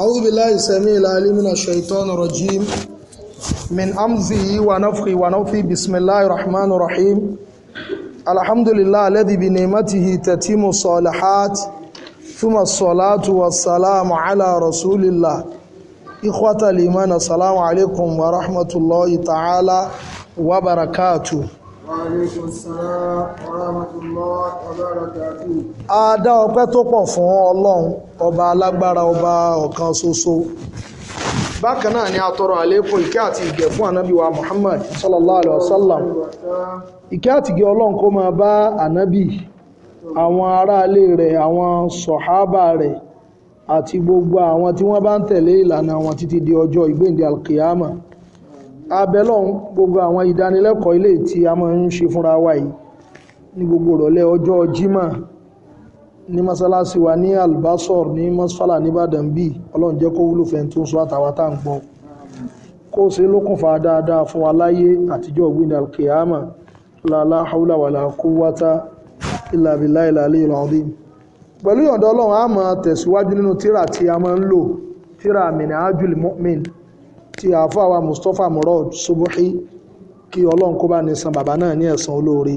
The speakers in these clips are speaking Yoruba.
أعوذ بالله السميع العليم من الشيطان الرجيم من أمزه ونفخ ونوفي بسم الله الرحمن الرحيم الحمد لله الذي بنعمته تتم الصالحات ثم الصلاة والسلام على رسول الله إخوة الإيمان السلام عليكم ورحمة الله تعالى وبركاته Aleykum salaam wa rahmatullahi wa barakatuh. A dá ọpẹ́ tó pọ̀ fún Ọlọ́run ọba alágbára ọba ọ̀kan ṣoṣo. Bákan náà ni a tọrọ àlékún ìkẹ́ àti ìgẹ̀ fún ànábì wa Muhammad sallallahu alaihi wasallam. Ìkẹ́ àti ìgẹ̀ Ọlọ́run kó máa bá ànábì, àwọn aráalé rẹ̀, àwọn sọ̀hábà rẹ̀ àti gbogbo àwọn tí wọ́n bá ń tẹ̀lé ìlànà wọn títí di ọjọ́ ìgbéǹde alkiyama abẹ́lọ́hún gbogbo àwọn ìdánilẹ́kọ̀ọ́ ilé tí a máa ń ṣe fúnra wa yìí ní gbogbo ìrọ̀lẹ́ ọjọ́ jímọ̀ ní mọ́sálásí wa ní albasor ní mọ́sálà nìbàdàn bí ọlọ́run jẹ́ kó wúlò fẹ́ni tó ń sọ àtàwà tá à ń gbọ́ kó ṣe lókùnfà dáadáa fún wa láyé àtijọ́ ògbìn alkiyama lálá haúlà wà láàkúwátá ìlàbílá ìlàlẹ́ ìlàdín pẹ̀lú ìyọ̀ǹda ọlọ́run a máa tẹ̀síwájú nínú tíra tí a máa ń lò tíra àmìnà ájúlì mọ́mìn ti àfáwà Mustapha Murad Subuhi kí ọlọ́run kó bá ní san bàbá náà ní ẹ̀san olóore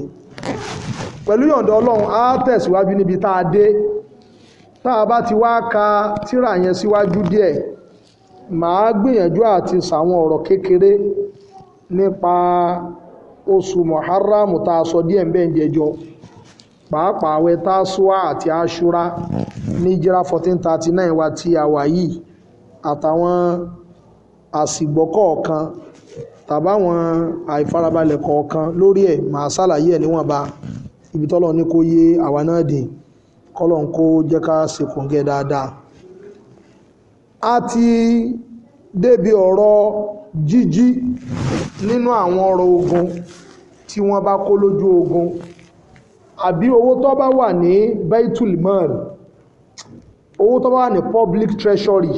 pẹ̀lú yọ̀ǹda ọlọ́run á tẹ̀síwájú níbi tá a dé tá a bá ti wá ka tírà yẹn síwájú díẹ̀ màá gbìyànjú àti sàwọn ọ̀rọ̀ kékeré nípa oṣù Muharram tá a sọ díẹ̀ ń bẹ́ẹ̀ jẹjọ pàápàá àwẹ̀ tásúà àti aṣúra ní jira 1439 wa tí a yìí àtàwọn àsìgbọ́ kọ̀ọ̀kan tàbáwọn àìfarabalẹ̀ kọ̀ọ̀kan lórí ẹ̀ màá ṣàlàyé ẹ̀ níwọ̀nba ibi tọ́lọ̀ ní kó yé àwa náà dé kọ́lọ̀ ń kó jẹ́ ká ṣèkùngẹ́ dáadáa. a ti débi ọ̀rọ̀ jíjí nínú àwọn ọ̀rọ̀ ogun tí wọ́n bá kó lójú ogun àbí owó tó bá wà ní baitul owó tó bá wà ní public treasury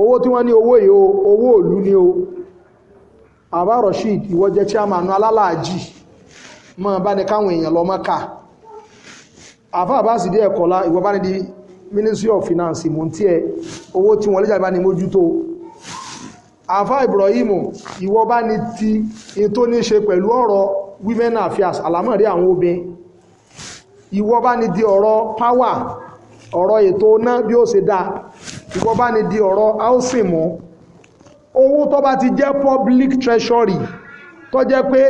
owó tí wọ́n ní owó yìí o owó òlú ni o àbá Rasheed ìwọ jẹ́ chairman alálàájì mọ́ bá ní káwọn èèyàn lọ mọ́ka àfá àbá sì dé ẹ̀kọ́lá ìwọ bá ní di Ministry of Finance mò ń tiẹ̀ owó tí wọ́n lè jáde bá ní mójútó àfá Ibrahim ìwọ bá ní ti in tó ní ṣe pẹ̀lú ọ̀rọ̀ women affairs àlámọ̀rí àwọn obìnrin ìwọ bá ní di ọ̀rọ̀ power ọ̀rọ̀ ètò náà bí ó ṣe dáa ìwọ bá ní di ọ̀rọ̀ housing mọ́ owó tó bá ti jẹ́ public treasury tó jẹ́ pé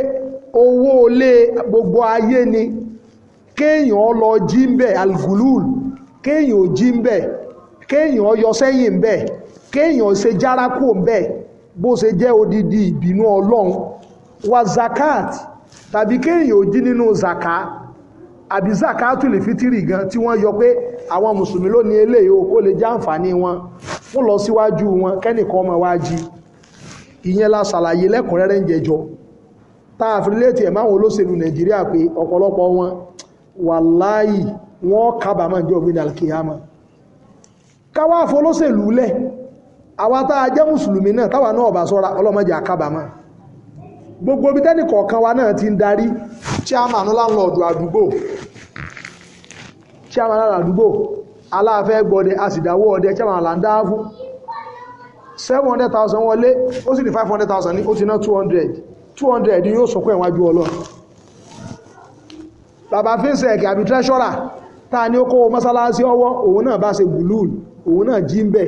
owó ilé gbogbo ayé ni kéèyàn lọ jí ń bẹ̀ algulul kéèyàn ò jí ń bẹ̀ kéèyàn yọ sẹ́yìn ń bẹ̀ kéèyàn ṣe járákò bẹ̀ bó ṣe jẹ́ odidi ìbínú ọlọ́run wa zakat tàbí kéèyàn ò jí nínú zakat àbí zakatul fitiri gan tí wọ́n yọ pé àwọn mùsùlùmí ló ní eléyìí o kó lè jẹ́ àǹfààní wọn wọ́n lọ síwájú wọn kẹ́nìkan ọmọ wa jí ìyẹn la ṣàlàyé lẹ́kùnrẹ́rẹ́ ń jẹjọ tá a fi léètì ẹ̀ máwọn olóṣèlú nàìjíríà pé ọ̀pọ̀lọpọ̀ wọn wàláì wọ́n kábàámọ̀ jẹ́ ògbìn alkiyama káwá fọlọ́ṣèlú lẹ̀ àwa tá a náà táwa náà ọ̀bà sọ́ra ọlọ́mọdé àkábàámọ̀ gbogbo omi tẹ́nì kọ̀ọ̀kan wa náà ti ń darí chairman láńlọ́ọ̀dù àdúgbò chairman láńlọ́ọ̀dù àdúgbò aláàfẹ́ ọdẹ chairman àlàndá fún seven hundred thousand wọlé ó sì ní five hundred thousand ní ó ti ná two hundred two hundred yóò ìwájú ọlọ bàbá fínsẹ̀kì àbí táà ní ó bá ṣe òun náà jí ń bẹ̀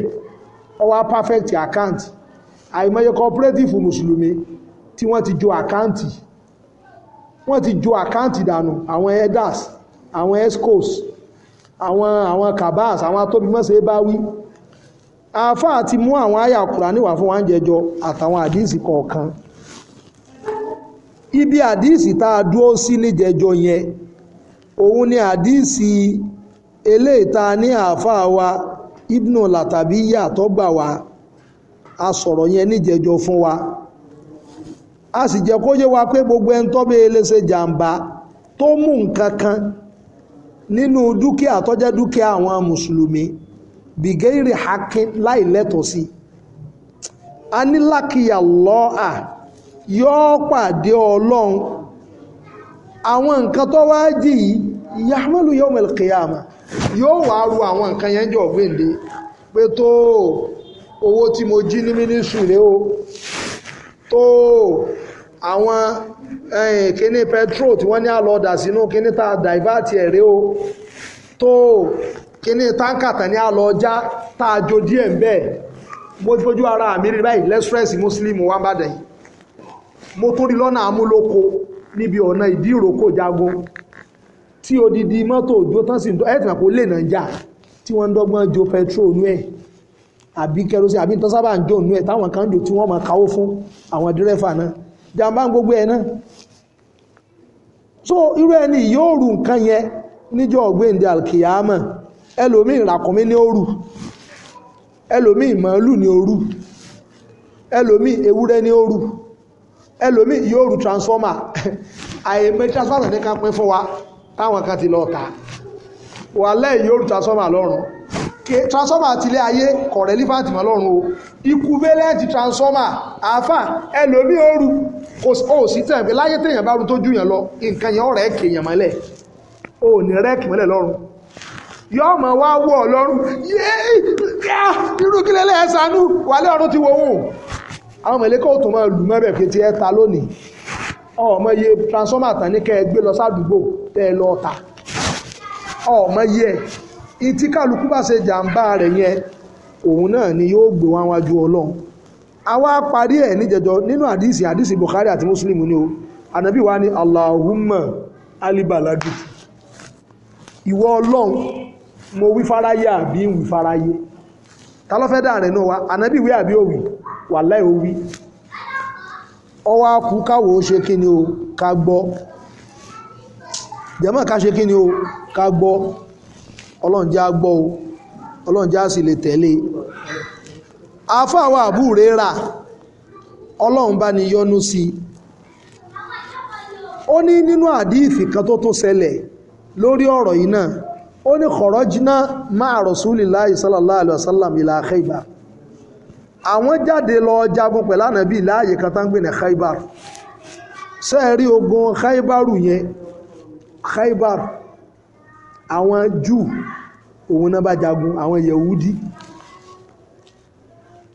ọwọ́ perfect account àìmọye tí wọ́n ti jo àkáǹtì wọ́n ti jo àkáǹtì dànù àwọn edas àwọn escos àwọn àwọn kabas àwọn atóbimọ́sẹ̀ bá wí àáfàá ti mú àwọn àyà Kùránì wá fún wa ń jẹjọ àtàwọn àdíìsì kọ̀ọ̀kan ibi àdíìsì tá a dúró sí níjẹjọ yẹn òun ni àdíìsì eléyìíta ní àáfàá wa Ibnu Latabiya tó gbà wá a sọ̀rọ̀ yẹn níjẹjọ fún wa. a sì jẹ́ kó wa pé gbogbo ẹni tó bẹ́ẹ̀ lè jàǹbá tó mú nǹkan kan nínú dúkìá tó dúkìá àwọn mùsùlùmí bìgẹ́rì hakin láì lẹ́tọ̀ọ́ sí a ní lákìyà lọ́à yóò pàdé ọlọ́run àwọn nǹkan tó wá jì yìí yàmọ́lù yóò mẹ́lì kìyàmà yóò wá ru àwọn nǹkan yẹn jọ gbèǹde pé tó owó tí mo jí ní mínísù rèé o tó àwọn eh, kíní petrol tí wọ́n ní àlọ́ọ̀dà sínú kíní tá a dàìváàtì ẹ̀rẹ́ o tó kíní táǹkàtà ní àlọ́ọ̀já tá a jó díẹ̀ ń bẹ́ẹ̀ mo ti fojú ara mi rí báyìí lẹ́sírẹ́sì mùsùlùmí wà bàdàn yìí mo tún rí lọ́nà amúlòkó níbi ọ̀nà ìdí jago tí odidi mọ́tò òjò tán petrol nú ẹ̀ àbí kẹrosí àbí tán sábà ń jó nú ẹ̀ táwọn kan jò tí jàmbá gbogbo ẹ̀ náà so irú ẹni yóò rù nǹkan yẹn níjọ́ ọ̀gbẹ́ndẹ̀ alkiyama ẹlòmí ìràkùnmí ní òru ẹlòmí ìmọ̀ọ́lù ní òru ẹlòmí ewúrẹ́ ní òru ẹlòmí yóò rù transformer àìmẹ́ transformer ní ká pín fún wa táwọn kan ti lọ ta wà lẹ́yìn yóò rù transformer lọ́rùn transformer àti ilé ayé kọ̀ relevant mọ́ lọ́run o equivalent transformer àáfà ẹlòmí ooru kò sí tẹ̀ pé láyé téèyàn bá rú tó júyàn lọ nǹkan yẹn ọ̀rẹ́ kéèyàn mọ́lẹ̀ ò ní rẹ́ẹ̀kì mọ́lẹ̀ lọ́run yóò mọ̀ wá wọ̀ lọ́run yéé irú kí lélẹ̀ ẹ̀ sanú wàlẹ́ ọ̀run ti wo òun àwọn mẹ̀lẹ́kọ̀ tó máa lù mọ́bẹ̀ pé ti ẹ̀ ta lónìí ọmọ iye transformer tán ní kẹ́ ẹ gbé lọ sádùúgbò tẹ́ ẹ lọ ta ọmọ iye ẹ̀ ìtí kálukú bá ṣe jàǹbá rẹ̀ yẹn òun ni yóò gbé wá wájú ọlọ́run àwa parí ẹ̀ níjẹjọ nínú àdìsí àdìsí buhari àti Muslim ni o ànábì wa ni Allahumma alibalagi ìwọ ọlọ́run mo wí àbí wí ta rẹ̀ náà wa ànábì wí àbí òwì ó wí ọwọ́ akú ṣe kí ni o ká gbọ́ jẹ́mọ̀ ká ni o ká gbọ́ ọlọ́run jẹ́ agbọ́ o ọlọ́run jẹ́ àsì lè tẹ̀lé afáwà àbúrè rà ọlọ́run bá ní yọ́nú sí ó ní nínú àdíìfì kan tó tún ṣẹlẹ̀ lórí ọ̀rọ̀ yìí náà ó ní kọ̀rọ̀jìnà máa Rasulillahi sallallahu alaihi wasallam ila Khaybar àwọn jáde lọ jagun pẹ̀lú ànábì láàyè kan tán gbé ní sẹ́ẹ̀rí ogun Khaybaru yẹn Khaybar àwọn Júù òun náà bá jagun àwọn Yẹ̀wúdí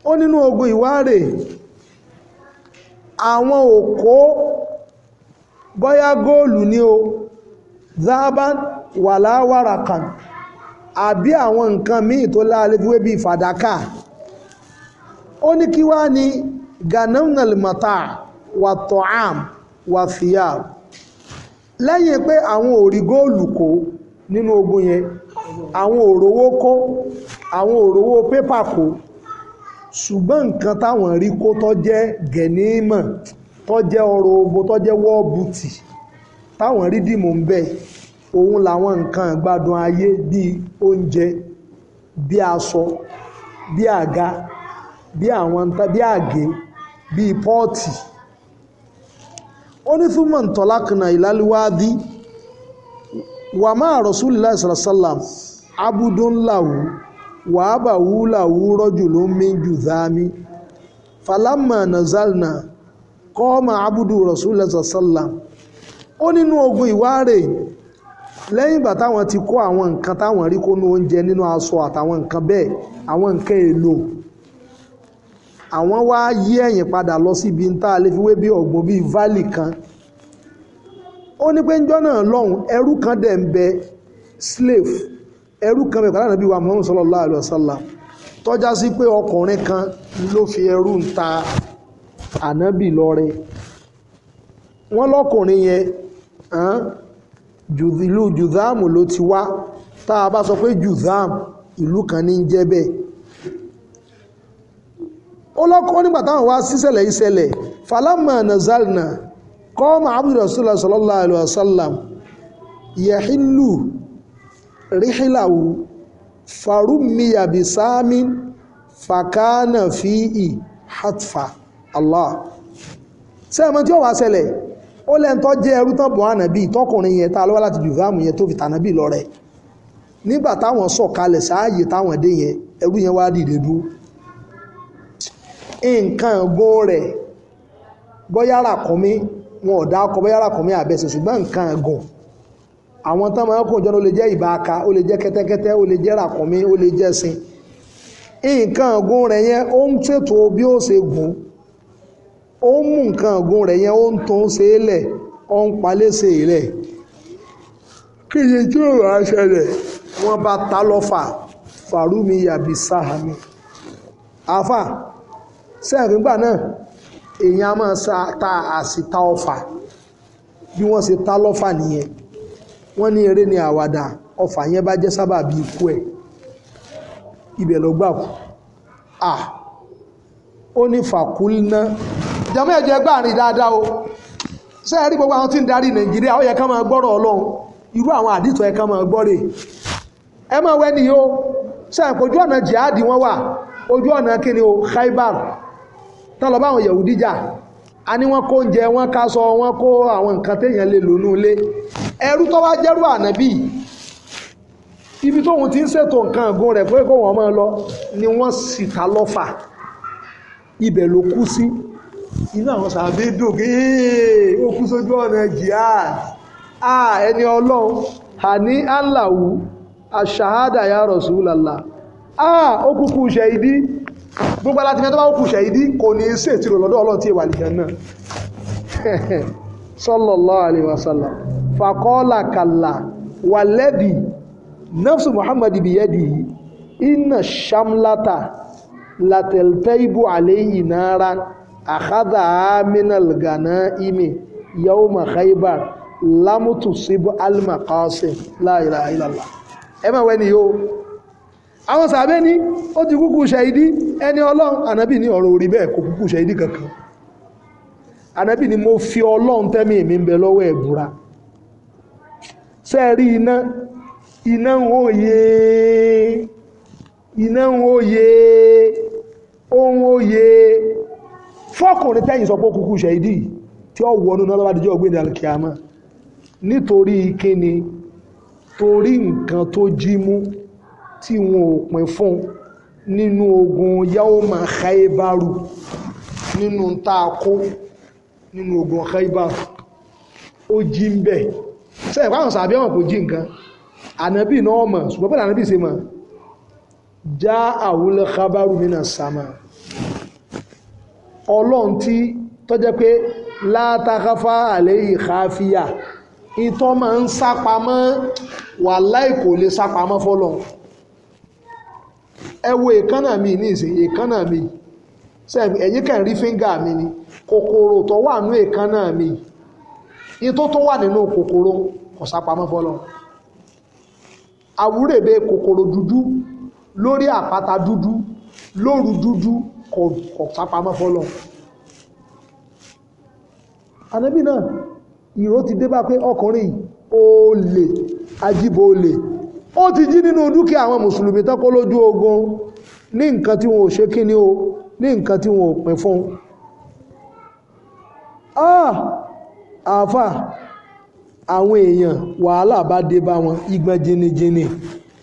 ó nínú ogun ìwárè àwọn òkó bọ́yá góòlù ní o zaban wàláwàrà kan àbí àwọn nǹkan míì tó láàlẹ́fíwé bíi fàdákà ó ní kí wá ní ganamnal mata wà tọ́ám wà fìyà lẹ́yìn pé àwọn òrí góòlù kó nínú ogun yẹn àwọn òrówó kó àwọn òrówó pépà kó ṣùgbọ́n nǹkan táwọn rí kó tó jẹ́ gẹ̀nímọ̀ tọ́ jẹ́ ọrọ̀ ogun tọ́ jẹ́ wọ́ọ̀bùtì táwọn rí dìmọ̀ ń bẹ̀ òun làwọn nǹkan ìgbádùn ayé bíi oúnjẹ bíi aṣọ bíi àga bíi àwọn bíi àgé bíi pọ́ọ̀tì ó ní túmọ̀ ń tọ́lákùnà ìlálúwádìí wà máa rasulillah sallam abudun lahu wà ábàwú lahu rajulun min judhami falamma nazalna kọ́ọ̀mà abudu rasulillah sallam ó nínú ogun ìwárè lẹ́yìn ìgbà táwọn ti kó àwọn nǹkan táwọn rí kó ní oúnjẹ nínú aṣọ àtàwọn nǹkan bẹ́ẹ̀ àwọn nǹkan èlò àwọn wá yí ẹ̀yìn padà lọ síbi ń tá a lè fi wé bí ọ̀gbọ́n bíi valley kan ó ní pé ń jọ́ náà ẹrú kan dẹ̀ ń bẹ slave ẹrú kan bẹ̀ pàdánù bíi wa Muhammad sallallahu alayhi wa sallam tọ́já sí pé ọkùnrin kan ló fi ẹrú ń ta ànábì lọ́rẹ wọ́n lọ́kùnrin yẹn ìlú jùdáàmù ló ti wá tá a bá sọ pé jùdáàmù ìlú kan ní jẹ́ bẹ́ẹ̀ ó lọ́kọ́ nígbà táwọn wá síṣẹ̀lẹ̀ ìṣẹ̀lẹ̀ falama nazalna kọ́ọ̀mà abdulrasula sallallahu alaihi wasallam yahilu rihilawu farumiya bisamin fakana fi'i hatfa allah ṣe ẹ̀mọ́ tí ó wá ṣẹlẹ̀ ó lẹ́ntọ́ jẹ́ ẹrú tán bọ̀ ànàbí tọkùnrin yẹn ta lọ́wọ́ láti jùfàmù yẹn tó fi tànàbí lọ rẹ̀ nígbà táwọn sọ̀kalẹ̀ sáàyè táwọn dé yẹn ẹrú yẹn wá dìde dúró nǹkan ẹ̀gbọ́n rẹ̀ bọ́yá ràkúnmí wọn ò dá ọkọ̀ bóyá ràkúnmí àbẹ̀sẹ̀ ṣùgbọ́n nǹkan ẹ̀gùn àwọn tán máa ń kùn jọ́nà ó lè jẹ́ ìbáaka ó lè jẹ́ kẹ́tẹ́kẹ́tẹ́ ó lè jẹ́ ràkúnmí ó lè jẹ́ sin nǹkan ẹ̀gùn rẹ̀ yẹn ó ń ṣètò bí ó ṣe gùn ó ń mú nǹkan ẹ̀gùn rẹ̀ yẹn ó ń tó ń ṣe é lẹ̀ ó ń palẹ́sẹ̀ rẹ̀ kí ni tí ó wàá ṣẹlẹ̀ wọ́n bá ta lọ́fà fàrúmi yàbí sáhami àfà sẹ́ẹ̀fì gbà náà èèyàn máa sa ta àsìta bí wọ́n ṣe ta lọ́fà nìyẹn wọ́n ní eré ni àwàdà ọfà yẹn bá jẹ́ sábà bíi ikú ẹ̀ ibẹ̀ ló gbà kú à ó ní jàmọ́ ẹ̀jẹ̀ dáadáa o ṣé ẹ rí gbogbo àwọn tí ń darí nàìjíríà ó yẹ ká máa gbọ́rọ̀ ọlọ́run irú àwọn àdìtọ̀ ẹ ká máa gbọ́rẹ̀ ẹ máa ọ̀nà wà ojú ọ̀nà o khaibar tán lọ báwọn yẹ̀wù díjà a ní wọ́n kó oúnjẹ wọ́n kásọ wọ́n kó àwọn nǹkan téèyàn lè lò ní ilé ẹrú tó wá jẹ́rú ànábì ibi tóun ti ń ṣètò nǹkan ọ̀gùn rẹ̀ pé kó wọ́n máa lọ ni wọ́n sì ta lọ́fà ibẹ̀ ló kú sí inú àwọn sàbí dògé ó kú sójú ọ̀nà jihad ah ẹni ọlọ́run àní aláwù àṣàhádà ya Rasulullah ah ó kúkú ṣe ibi gbogbo aláti mẹ́tọ́ bá kù ṣẹ̀yìdí kò ní í ṣètìrò lọ́dọ̀ ọlọ́run tí ìwà nìkan náà sallallahu alaihi wasallam faqala kalla walladhi nafsu muhammad biyadihi inna shamlata latẹ̀lẹ́tẹ́ibù àléyìn nára àkádà aminal ghana imi yawma khaybar lamutu sibu almaqasim la ilaha àwọn sàbẹ́ ní ó ti kúkú ṣẹ̀ìdí ẹni ọlọ́run ànábì ní ọ̀rọ̀ orí bẹ́ẹ̀ kò kúkú ṣẹ̀ìdí kankan ànábì ni mo fi ọlọ́run tẹ́mì mi ń bẹ lọ́wọ́ ẹ̀bùra sẹ́ẹ̀rí iná iná ń òye iná ń òye ohun òye fọ́kùnrin tẹ́yìn sọ pé kúkú ṣẹ̀ìdí tí ó wọnú náà lọ́wọ́ adijọ́ ọgbẹ́ni alkiyama nítorí kíni torí nǹkan tó jí mú tí wọn ò pín fún nínú ogun yaoma khaibaru nínú taako nínú ogun khaibaru ó jí ń bẹ̀ sẹ́yìn fáwọn sàbí ọ̀hún kò jí nǹkan ànábì náà mọ̀ ṣùgbọ́n bẹ́ẹ̀ ànábì ṣe mọ̀ já àwòlẹ̀ kábàrù mìíràn sàmà ọlọ́run tí tọ́jẹ́ pé látàkáfà àlẹ́ ìkáfíà ìtọ́ máa ń sápamọ́ wàláì kò lè sápamọ́ fọ́lọ́run ẹ wo èékánná mi ní ìsìn èékánná mi sẹ́mi kẹ́ rí fíńgà mi ni kòkòrò tó wà nínú èékánná mi yìí tó tó wà nínú kòkòrò kò sápamọ́ fọlọ́ àwúrèbe kòkòrò dúdú lórí àpáta dúdú lóru dúdú kò sápamọ́ fọlọ́ ànábì náà ìró ti dé bá pé ọkùnrin olè ajíbo olè ó ti jí nínú dúkìá àwọn mùsùlùmí tán kó lójú ogun ní nǹkan tí wọn ṣe kí ni o ní nǹkan tí wọn ò pín fún ah! àáfà àwọn èèyàn wàhálà bá dé bá wọn igbọn jìnnìjìnnì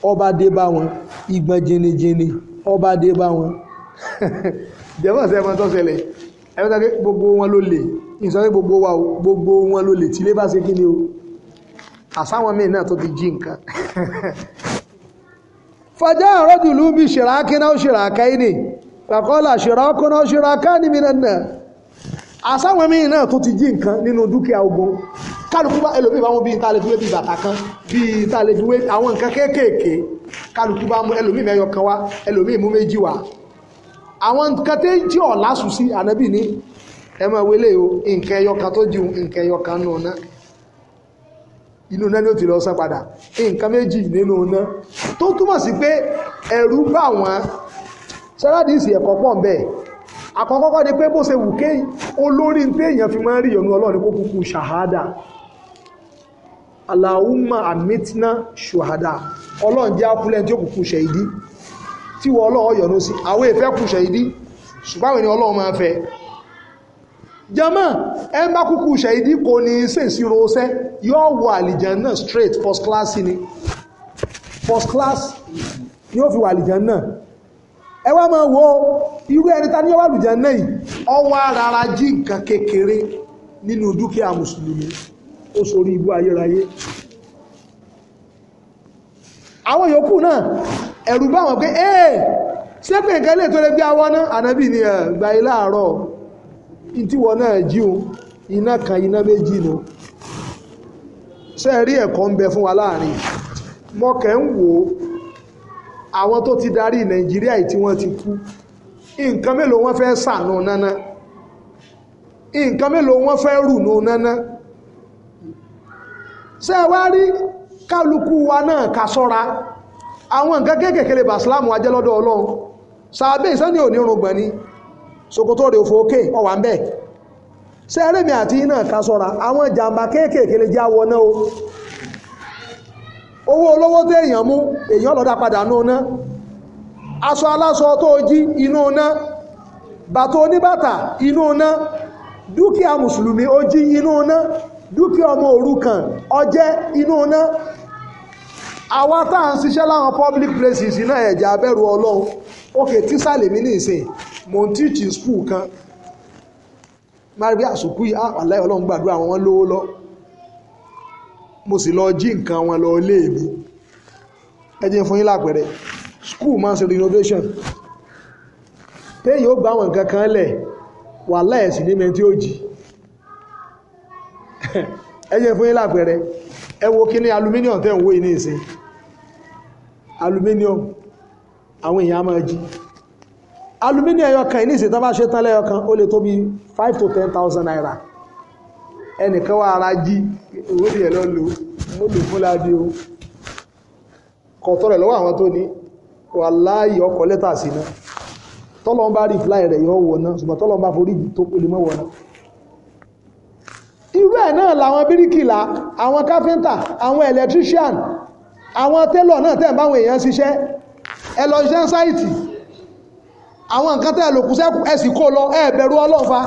ọba dé bá wọn igbọn jìnnìjìnnì ọba dé bá wọn jẹ́fọ́sẹ̀ ẹmọ tó ṣẹlẹ̀ ẹgbẹ́ta gbogbo wọn ló lè ìsọ́rí gbogbo wa gbogbo wọn ló lè tílé bá ṣe kí ni o àsáwọn míì náà tó ti jí nǹkan fàjá àrọ́jùlú bí ṣìràkínà ó ṣìràkà ìní pàkọ́lá ṣìràkúnà ó ṣìràkà ní mìíràn náà àsáwọn míì náà tó ti jí nǹkan nínú dúkìá ogun kálukú bá ẹlòmíì bá mú bíi tá a lè fi wé bíi bàtà kan bíi tá a lè fi wé àwọn nǹkan kéékèèké kálukú bá mú mẹ́yọ kan wá ẹlòmíì mú méjì wá àwọn nǹkan tẹ́ jí ọ̀lásù sí ànábì ní ẹ máa wélé o nǹkan ẹyọ kan tó jí nǹkan ẹyọ kan nù náà inú náà ni ó ti lọ san padà nǹkan méjì nínú iná tó túmọ̀ sí pé ẹ̀rù bá wọn sáradìsì ẹ̀kọ́ pọ̀ ń bẹ̀ àkọ́kọ́kọ́ ni pé bó ṣe wù ké olórí ń pé èèyàn fi máa ń rí ìyọnu ọlọ́run kó kúkú ṣàhádà aláhùnmá àmìtínà ṣùhádà ọlọ́run jẹ́ ápúlẹ̀ tí ó kúkú ṣe ìdí tí wọ́n ọlọ́run yọ̀nú sí àwọn ìfẹ́ kù ṣe ìdí ṣùgbọ́n àwọn ènìyàn ọlọ́run máa fẹ́ jama ẹ bá kúkú ṣẹ̀yìdì kò ní ṣèṣirò ṣẹ́ yóò wọ àlìjàn náà straight first class ni first class ni ó fi wọ àlìjàn náà ẹ wá máa wo irú ẹni ta ni ó wà àlìjàn náà yìí ọwọ́ rárá jí nǹkan kékeré nínú dúkìá mùsùlùmí ó sorí ibú ayérayé àwọn yòókù náà ẹ̀rù bá wọn pé ẹ́ẹ̀ ṣé pé nǹkan lè tó lè gbé àwọn náà ànábì ni ẹ̀ gbà ilé àárọ̀ ìtíwọ náà jíun iná kan iná méjì nù ṣe rí ẹ̀kọ́ ń bẹ fún wa láàrin mọ́kẹ́ ń wò àwọn tó ti darí nàìjíríà tí wọ́n ti kú nǹkan mélòó wọ́n fẹ́ sànù náná nǹkan mélòó wọ́n fẹ́ rùnú náná ṣe rí kálukú wa náà ká sọ́ra àwọn nǹkan kéékèèké lè bàṣílámù ajẹ́ lọ́dọ̀ ọlọ́run sàbẹ̀ ìsẹ́ni ò ní Sokoto rẹ̀ ofu oke ọwà ń bẹ̀ ṣe eré mi àti iná kasọra, sọ́ra àwọn jàǹbá kéékèèké lè já wọná o owó olówó tó èèyàn mú èèyàn lọ́dá padà ní ọ̀nà aṣọ aláṣọ tó jí inú ọ̀nà bàtà oníbàtà inú ọ̀nà dúkìá mùsùlùmí ó jí inú ọ̀nà dúkìá ọmọ òrukàn ọjẹ́ inú ọ̀nà àwa tá à ń ṣiṣẹ́ láwọn public places náà ẹ̀jẹ̀ abẹ́rù ọlọ́run ok tíṣà lèmi ní ìsìn mo ń tíìtì skul kan máa bí àsùkú yìí àláì ah, ọlọ́run gbàdúrà wọn lówó lọ mo sì lọ jí nǹkan wọn lọ ilé mi ẹ fún yín lápẹ̀rẹ̀ skul máa ń ṣe renovation téèyàn ó gba àwọn nǹkan kan lẹ̀ wàhálà ẹ̀ sì ní mẹ́tí ó jì fún yín lápẹ̀rẹ̀ ẹ kí ní aluminium tẹ́ ń wó yìí ìsìn aluminium àwọn èèyàn máa jí alumini ẹyọkan ilé ìsìn tó bá ṣe tán lẹ́yọkan ó lè tó bí five to ten thousand naira ẹnìkan wà ara jí ìwé ìyẹn lọ lò mo lò fún láàbí o kọ̀tọ́ rẹ̀ lọ́wọ́ àwọn tó ní wà láàyè ọkọ̀ lẹ́tà sí náà tọ́lọ́n bá rí fly rẹ̀ yọ wọ̀ náà ṣùgbọ́n tọ́lọ́n bá forí tó kó lè mọ́ wọ̀ náà irú ẹ̀ náà làwọn bíríkìlà àwọn káfíńtà àwọn electrician àwọn télọ̀ náà tẹ̀ báwọn èèyàn ṣiṣẹ́ ẹ lọ ṣiṣẹ́ sáìtì àwọn nǹkan tẹ́ lòkú sẹ́kù ẹ sì kó lọ ẹ bẹ̀rù ọlọ́ọ̀fà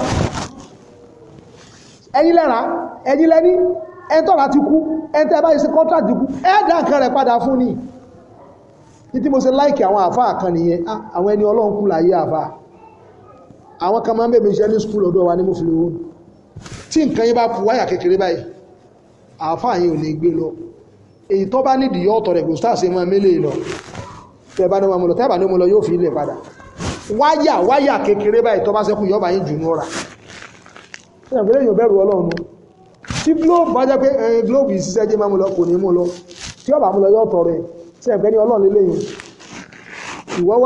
ẹ̀yin lẹ́ra ẹ̀yin lẹ́ni ẹ̀ tọ́ra ti kú ẹ̀ tẹ́ bá ṣe kọ́ńtàtì kú ẹ̀ dá nǹkan rẹ̀ padà fún ni títí mo ṣe láìkì àwọn àfáà kan nìyẹn ah, àwọn ẹni ọlọ́run kú láyé àfáà àwọn kan máa ń bèbè iṣẹ́ ní skúl ọ̀dọ̀ wa ní mo fi lè wọ́n tí nǹkan yín bá pu wáyà kékeré báyìí àfáà yín ò ní gbé lọ èyí tó bá nídìí yọ ọ̀tọ̀ rẹ̀ kò sáà ṣe máa mélèé lọ tẹ́ bá ní ọmọ lọ tẹ́ bá ní ọmọ lọ yóò fi ilẹ̀ padà wáyà wáyà kékeré báyìí tó bá sẹ́kù yọba yín jù ní ọ̀rà ìyàgbélé yóò bẹ̀rù ọlọ́run tí globe bá jẹ́ pé ẹyin globe yìí ṣiṣẹ́ jẹ́ máa mú lọ kò ní mú lọ tí ọba mú yóò tọrọ tí ẹ̀fẹ́ ní ọlọ́run lélẹ̀ ìwọ́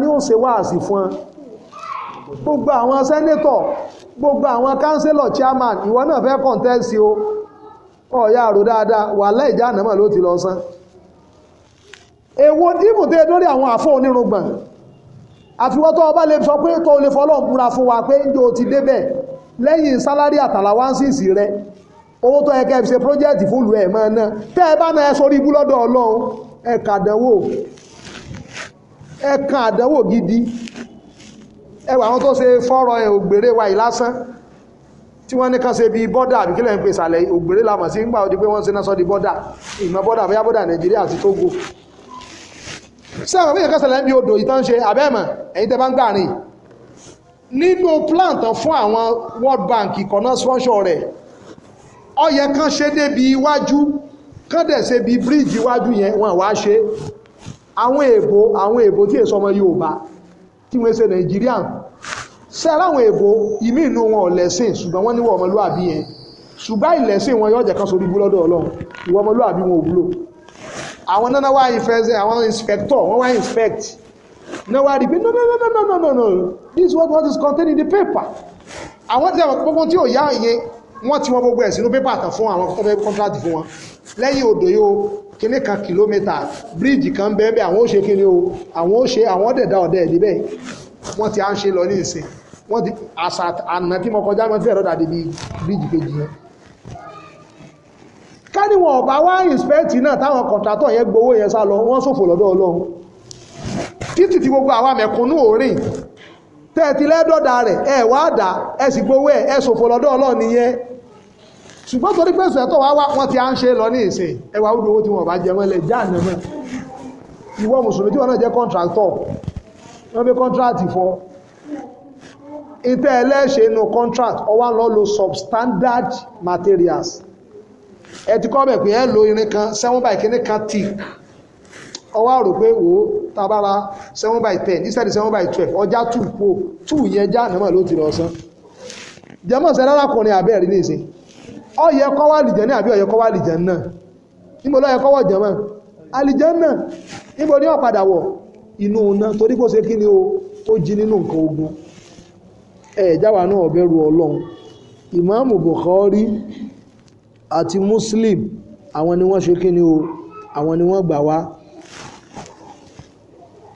ni ó ṣe wáàsí fún wọn gbogbo àwọn sẹ́nétọ̀ gbogbo chairman ìwọ náà fẹ́ ọ̀ya àrò dáadáa wà láìjá ànámà ló ti lọ san èwo dìbò tó yẹ lórí àwọn àfọ onírùngbọ̀n àfiwọ́ tó ọba lè sọ pé tó lè fọlọ́ múra fún wa pé njó ti débẹ̀ lẹ́yìn sálárì àtàlà wáńsìsì rẹ owó tó yẹ kẹ́ fi ṣe ẹ̀ máa ná tẹ́ ẹ bá náà ẹ sọrí ibú ẹ tí wọ́n ní kan ṣe bí bọ́dà àbí kílẹ̀ ń pè sàlẹ̀ ògbèrè làmọ̀ sí nígbà òdi pé wọ́n ṣe náà sọ di bọ́dà ìmọ̀ bọ́dà bóyá bọ́dà nàìjíríà àti tógo sí àwọn èèyàn kẹsàlẹ̀ ń bí odò ìtàn ṣe àbẹ́mọ̀ ẹ̀yìn tẹ́ bá ń gbà rìn nínú plan tán fún àwọn World Bank ìkọ̀nà sponsor rẹ̀ ó yẹ kán ṣe débi iwájú kán dẹ̀ ṣe bí bíríìjì iwájú yẹn wọn wá ṣe àwọn èèbò àwọn èèbò tí èso ọmọ Yorùbá tí wọ́n ṣe Nàìjíríà ṣe aláwọn èèbò ìmí inú wọn ò lẹ́sìn ṣùgbọ́n wọ́n níwọ̀ ọmọlúwàbí yẹn ṣùgbọ́n ìlẹ́sìn wọn yóò jẹ́ kan sórí gbúlọ́dọ̀ ọlọ́run ìwọ ọmọlúwàbí wọn ò wúlò àwọn náà wá ìfẹsẹ̀ àwọn inspect náà wá rí no no no no no no no this what what is contained in the paper àwọn tí àwọn gbogbo tí ò yá ìyẹn wọ́n ti wọ́n gbogbo ẹ̀ sínú pépà tán fún àwọn kọ́kọ́ contract fún wọn lẹ́yìn odò yóò kíní kan kìlómítà bíríìjì kan bẹ́ẹ̀ bẹ́ẹ̀ àwọn ó ṣe kíní o àwọn ó ṣe àwọn ọ̀dẹ̀dá ọ̀dẹ̀ ẹ̀ níbẹ̀ wọ́n ti à ń ṣe lọ ní ìsìn wọ́n ti àṣà àná tí mo kọjá mọ́ tí ẹ̀rọ dàdé bí bíríjì kejì yẹn káníwọ̀n ọ̀bá wá ìspẹ́ẹ̀tì náà táwọn kọ̀ǹtàtọ̀ yẹn gbowó yẹn sá lọ wọ́n ṣòfò lọ́dọ̀ ọlọ́run títí tí gbogbo àwa mẹ̀kúnnú òórìn tẹ́ẹ̀tì lẹ́dọ̀dà rẹ̀ ẹ̀ wá dà ẹ̀ sì gbowó ẹ̀ ẹ̀ ṣòfò lọ́dọ̀ ọlọ́run nìyẹn ṣùgbọ́n torí pé sẹ̀tọ̀ wá wá wọ́n ti à ń ṣe lọ ní ìsìn ẹ wá wúlò owó tí wọ́n bá jẹ mọ́lẹ̀ jáàmù mọ́ ìwọ mùsùlùmí tí wọ́n náà jẹ́ kọ́ńtràktọ̀ wọ́n fi kọ́ńtràtì fọ́ ìtẹ́ ẹlẹ́ṣẹ̀ inú contract ọwá lọ lo substandard materials ẹ ti kọ́ bẹ̀ pé ẹ lo irin kan seven by kíní kan thick ọwá rò pé wò ó tabara seven by ten instead seven by twelve ọjà two po two yẹn já ànámọ̀ ló ti lọ san jẹ́mọ̀ sẹ́ lárakùnrin àbẹ́ẹ̀rí ní ìsìn ọyẹ kọ́wà lìjẹ́ ní àbí ọyẹ kọ́wà lìjẹ́ náà níbo lọ́yẹ kọ́wọ̀ jẹ́mọ̀ alìjẹ́ náà níbo ní ọ̀padà wọ̀ inú ọ̀nà torí kó ṣe kí ni o ó jí nínú nǹkan ogun ẹ̀ẹ́dáwà náà bẹ̀rù ọlọ́run ìmáàmù Bukhari àti Muslim àwọn ni wọ́n ṣe kí ni o àwọn ni wọ́n gbà wá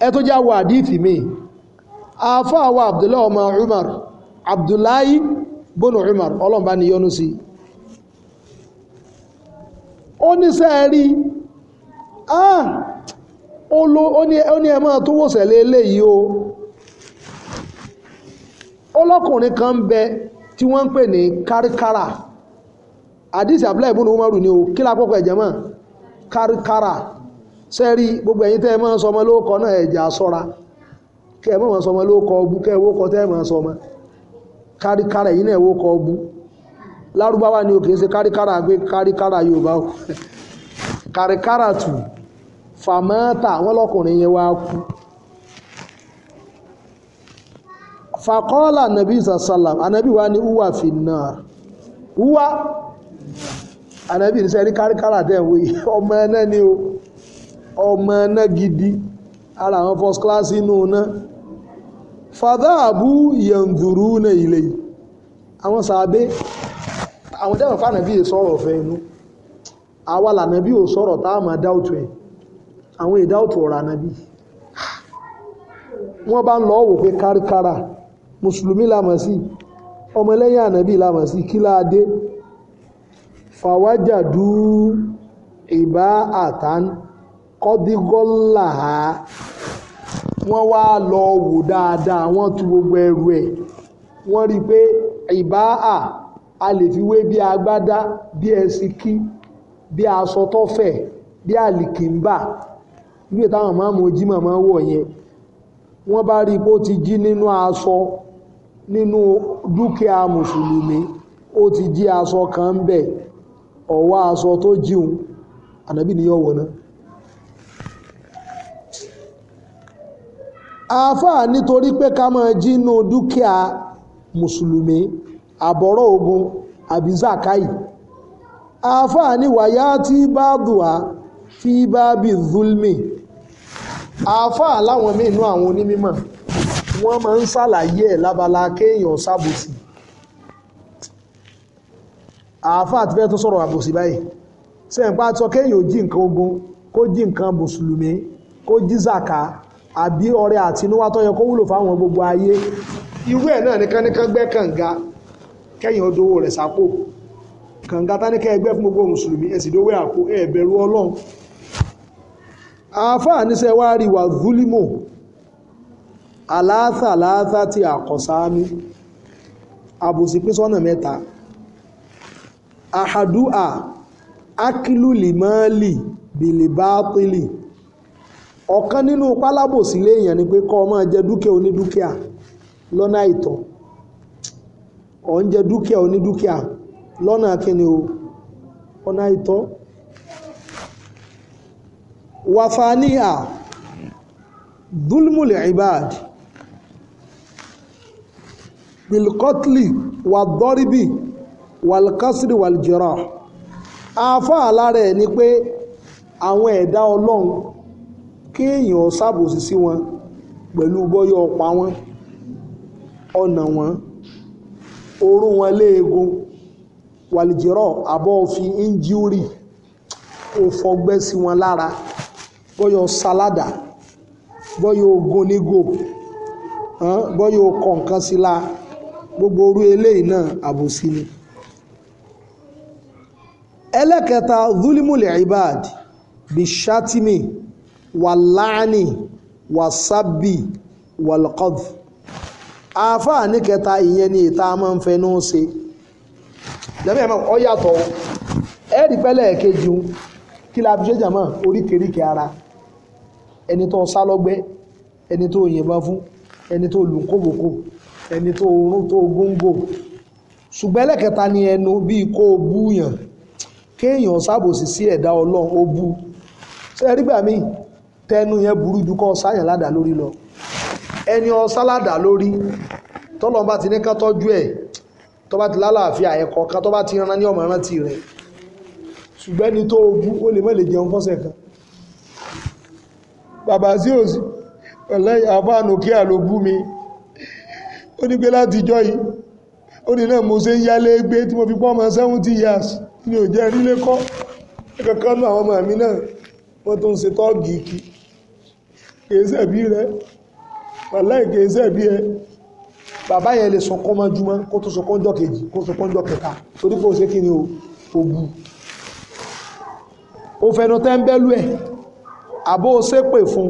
ẹ tó já wà àdífì mi àfá wa Abdullahi ọmọ Umar Abdullahi bónú Umar ọlọ́mbà ni yọ́nú sí ó ní sẹ́ẹ̀rí ah ó ní ẹ máa tó wòsẹ̀ lé eléyìí o ọlọ́kùnrin kan ń bẹ tí wọ́n ń pè ní kárkárà àdìsí abúlé ìbúnú umaru ni o kí la kọ́kọ́ ẹ̀jẹ̀ mọ́ kárkárà sẹ́rí gbogbo ẹ̀yin tẹ́ ẹ máa ń sọmọ lóókọ náà ẹ̀jẹ̀ àsọ́ra kẹ́ ẹ máa sọmọ lóókọ ọbú kẹ́ ẹ tẹ́ ẹ máa sọmọ náà ọbú o kì í ṣe gbé yorùbá fàkọ́ọ́lá nàbí sàlám ànábì wa ní uwa fi náà uwa ànábì ní sẹ́rí káríkárà tẹ̀ wé ọmọ ẹ̀nà ni o ọmọ ẹ̀nà gidi ara àwọn first class inú náà fàdáàbù yẹ̀ǹdùrú náà ilé yìí àwọn sàbẹ́ àwọn jẹ́wọ̀n fànàbí sọ̀rọ̀ ọ̀fẹ́ inú àwa lànàbí ò sọ̀rọ̀ táà máa dáùtù ẹ̀ àwọn ìdáùtù ọ̀rọ̀ ànàbí wọ́n bá ń lọ pé káríkárà mùsùlùmí lámọ̀ sí ọmọlẹ́yìn ànábì lámọ̀ sí kí láadé fàwájàdú ìbá àtàn kọ́dígọ́làá wọ́n wá lọ wò dáadáa wọ́n tú gbogbo ẹrù ẹ̀ wọ́n rí i pé ìbá à a lè fi wé bí agbádá bí ẹsikí bí aṣọ tọ́fẹ̀ bí àlìkìmbà nígbà táwọn máa mú ojímọ̀ máa wọ̀ yẹn wọ́n bá rí pé ó ti jí nínú aṣọ nínú dúkìá mùsùlùmí ó ti jí aṣọ kan ń bẹ̀ ọ̀wọ́ aṣọ tó jíun ànábì ni yóò wọ̀ná àáfàá nítorí pé ká máa jí nínú dúkìá mùsùlùmí àbọ̀rọ̀ ogun àbí zakai àáfàá ní wàyá tí bá dùá fi bá bí zulmi àáfàá láwọn míì nú àwọn onímọ̀ wọ́n máa ń ṣàlàyé ẹ̀ lábala kéèyàn ṣàbòsí àáfàá àti fẹ́ẹ́ tó sọ̀rọ̀ àbòsí báyìí sẹ́ǹpá sọ kéèyàn jí nǹkan ogun kó jí nǹkan mùsùlùmí kó jí zaka àbí ọrẹ àtinúwá tó yẹ kó wúlò fáwọn gbogbo ayé irú ẹ̀ náà nìkaníkan gbẹ́ kànga kẹ́yìn odówó rẹ̀ sápò kànga táníkẹ́ ẹgbẹ́ fún gbogbo mùsùlùmí ẹ̀sìn ìdówó àpò ẹ̀ẹ̀bẹ̀rù ọlọ́run àáfàá níṣẹ́ wá rí wà zúlímọ̀ aláàtà aláàtà ti àkọ̀sáámi àbòsí pín sọ́nà mẹ́ta àhàdúà akílù lìmọ́ọ̀lì bìlìbáàpìlì ọ̀kan nínú pálábòsí léèyàn ni pé kọ́ ọ máa jẹ dúkìá onídúkìá lọ́nà àìtọ́ ọ̀ ń jẹ dúkìá onídúkìá lọ́nà akíni o ọ̀nà àìtọ́ wàfàníà dúlmùlì ìbáàdì bilkotli wàdọ́ríbì wàlkásírì wàlìjìrà afá alára ẹ̀ ni pé àwọn ẹ̀dá ọlọ́run kéèyàn ṣàbòsí sí wọn pẹ̀lú bọ́yọ̀ ọ̀pá wọn ọ̀nà wọn orún wọn léegun wàlìjìrà àbọ̀ fi injúrì òfọgbẹ́ sí wọn lára bọ́yọ̀ sáládà bọ́yọ̀ ogun bọ́yọ̀ kọ̀ǹkan sí lára gbogbo orú eléyìí náà àbòsí ni ẹlẹ́kẹta zulimule ibad bishatimi wàláàni wàsábì wàlqadh àáfàá ní kẹta ìyẹn ni ìta máa ń fẹnu ṣe jẹ́bí ẹ̀mọ́ ọ yàtọ̀ ẹ̀rí pẹ́lẹ́ kejì kí la fi ṣe jàmọ́ oríkèéríkèé ara ẹni tó sálọ́gbẹ́ ẹni tó yìnbọn fún ẹni tó lù kóbòkó ẹni tó orún tó góńgò ṣùgbọ́n ẹlẹ́kẹta ni ẹnu bíi kó o bú yàn kéèyàn sábòsí sí ẹ̀dá ọlọ́run ó bú ṣe rí gbà mí tẹnu yẹn burú ju kọ́ ọ̀sáyàn ládàá lórí lọ ẹni ọ̀sá ládàá lórí tọ́lọ́n bá ti ní ká tọ́jú ẹ̀ tó bá ti lálàáfíà ẹ̀kọ́ kan tó bá ti ran ní ọmọ rántí rẹ̀ ṣùgbọ́n ẹni tó o bú ó lè má jẹun fọ́sẹ̀ kan bàbá sí òsì ọ̀lẹ́yìn àbá ànòkè àlòbú mi ó ní pé láti jọ́ yìí ó ní náà mo ṣe ń yálé gbé tí mo fi pọ́ ọmọ seventy years ní òjẹ́ rílé kọ́ kankan náà àwọn ọmọ mi náà wọ́n tó ń ṣe tọ́ọ̀gì kí kìí sẹ̀bí rẹ wàláì kìí sẹ̀bí ẹ bàbá yẹn lè sọkọ́ mọ́júmọ́ kó tó sọkọ́ ọjọ́ kejì kó sọkọ́ ọjọ́ kẹta torí pé ó ṣe kí ni o bu ó fẹnu tẹ́ńbẹ́lú ẹ̀ àbó o ṣépè fún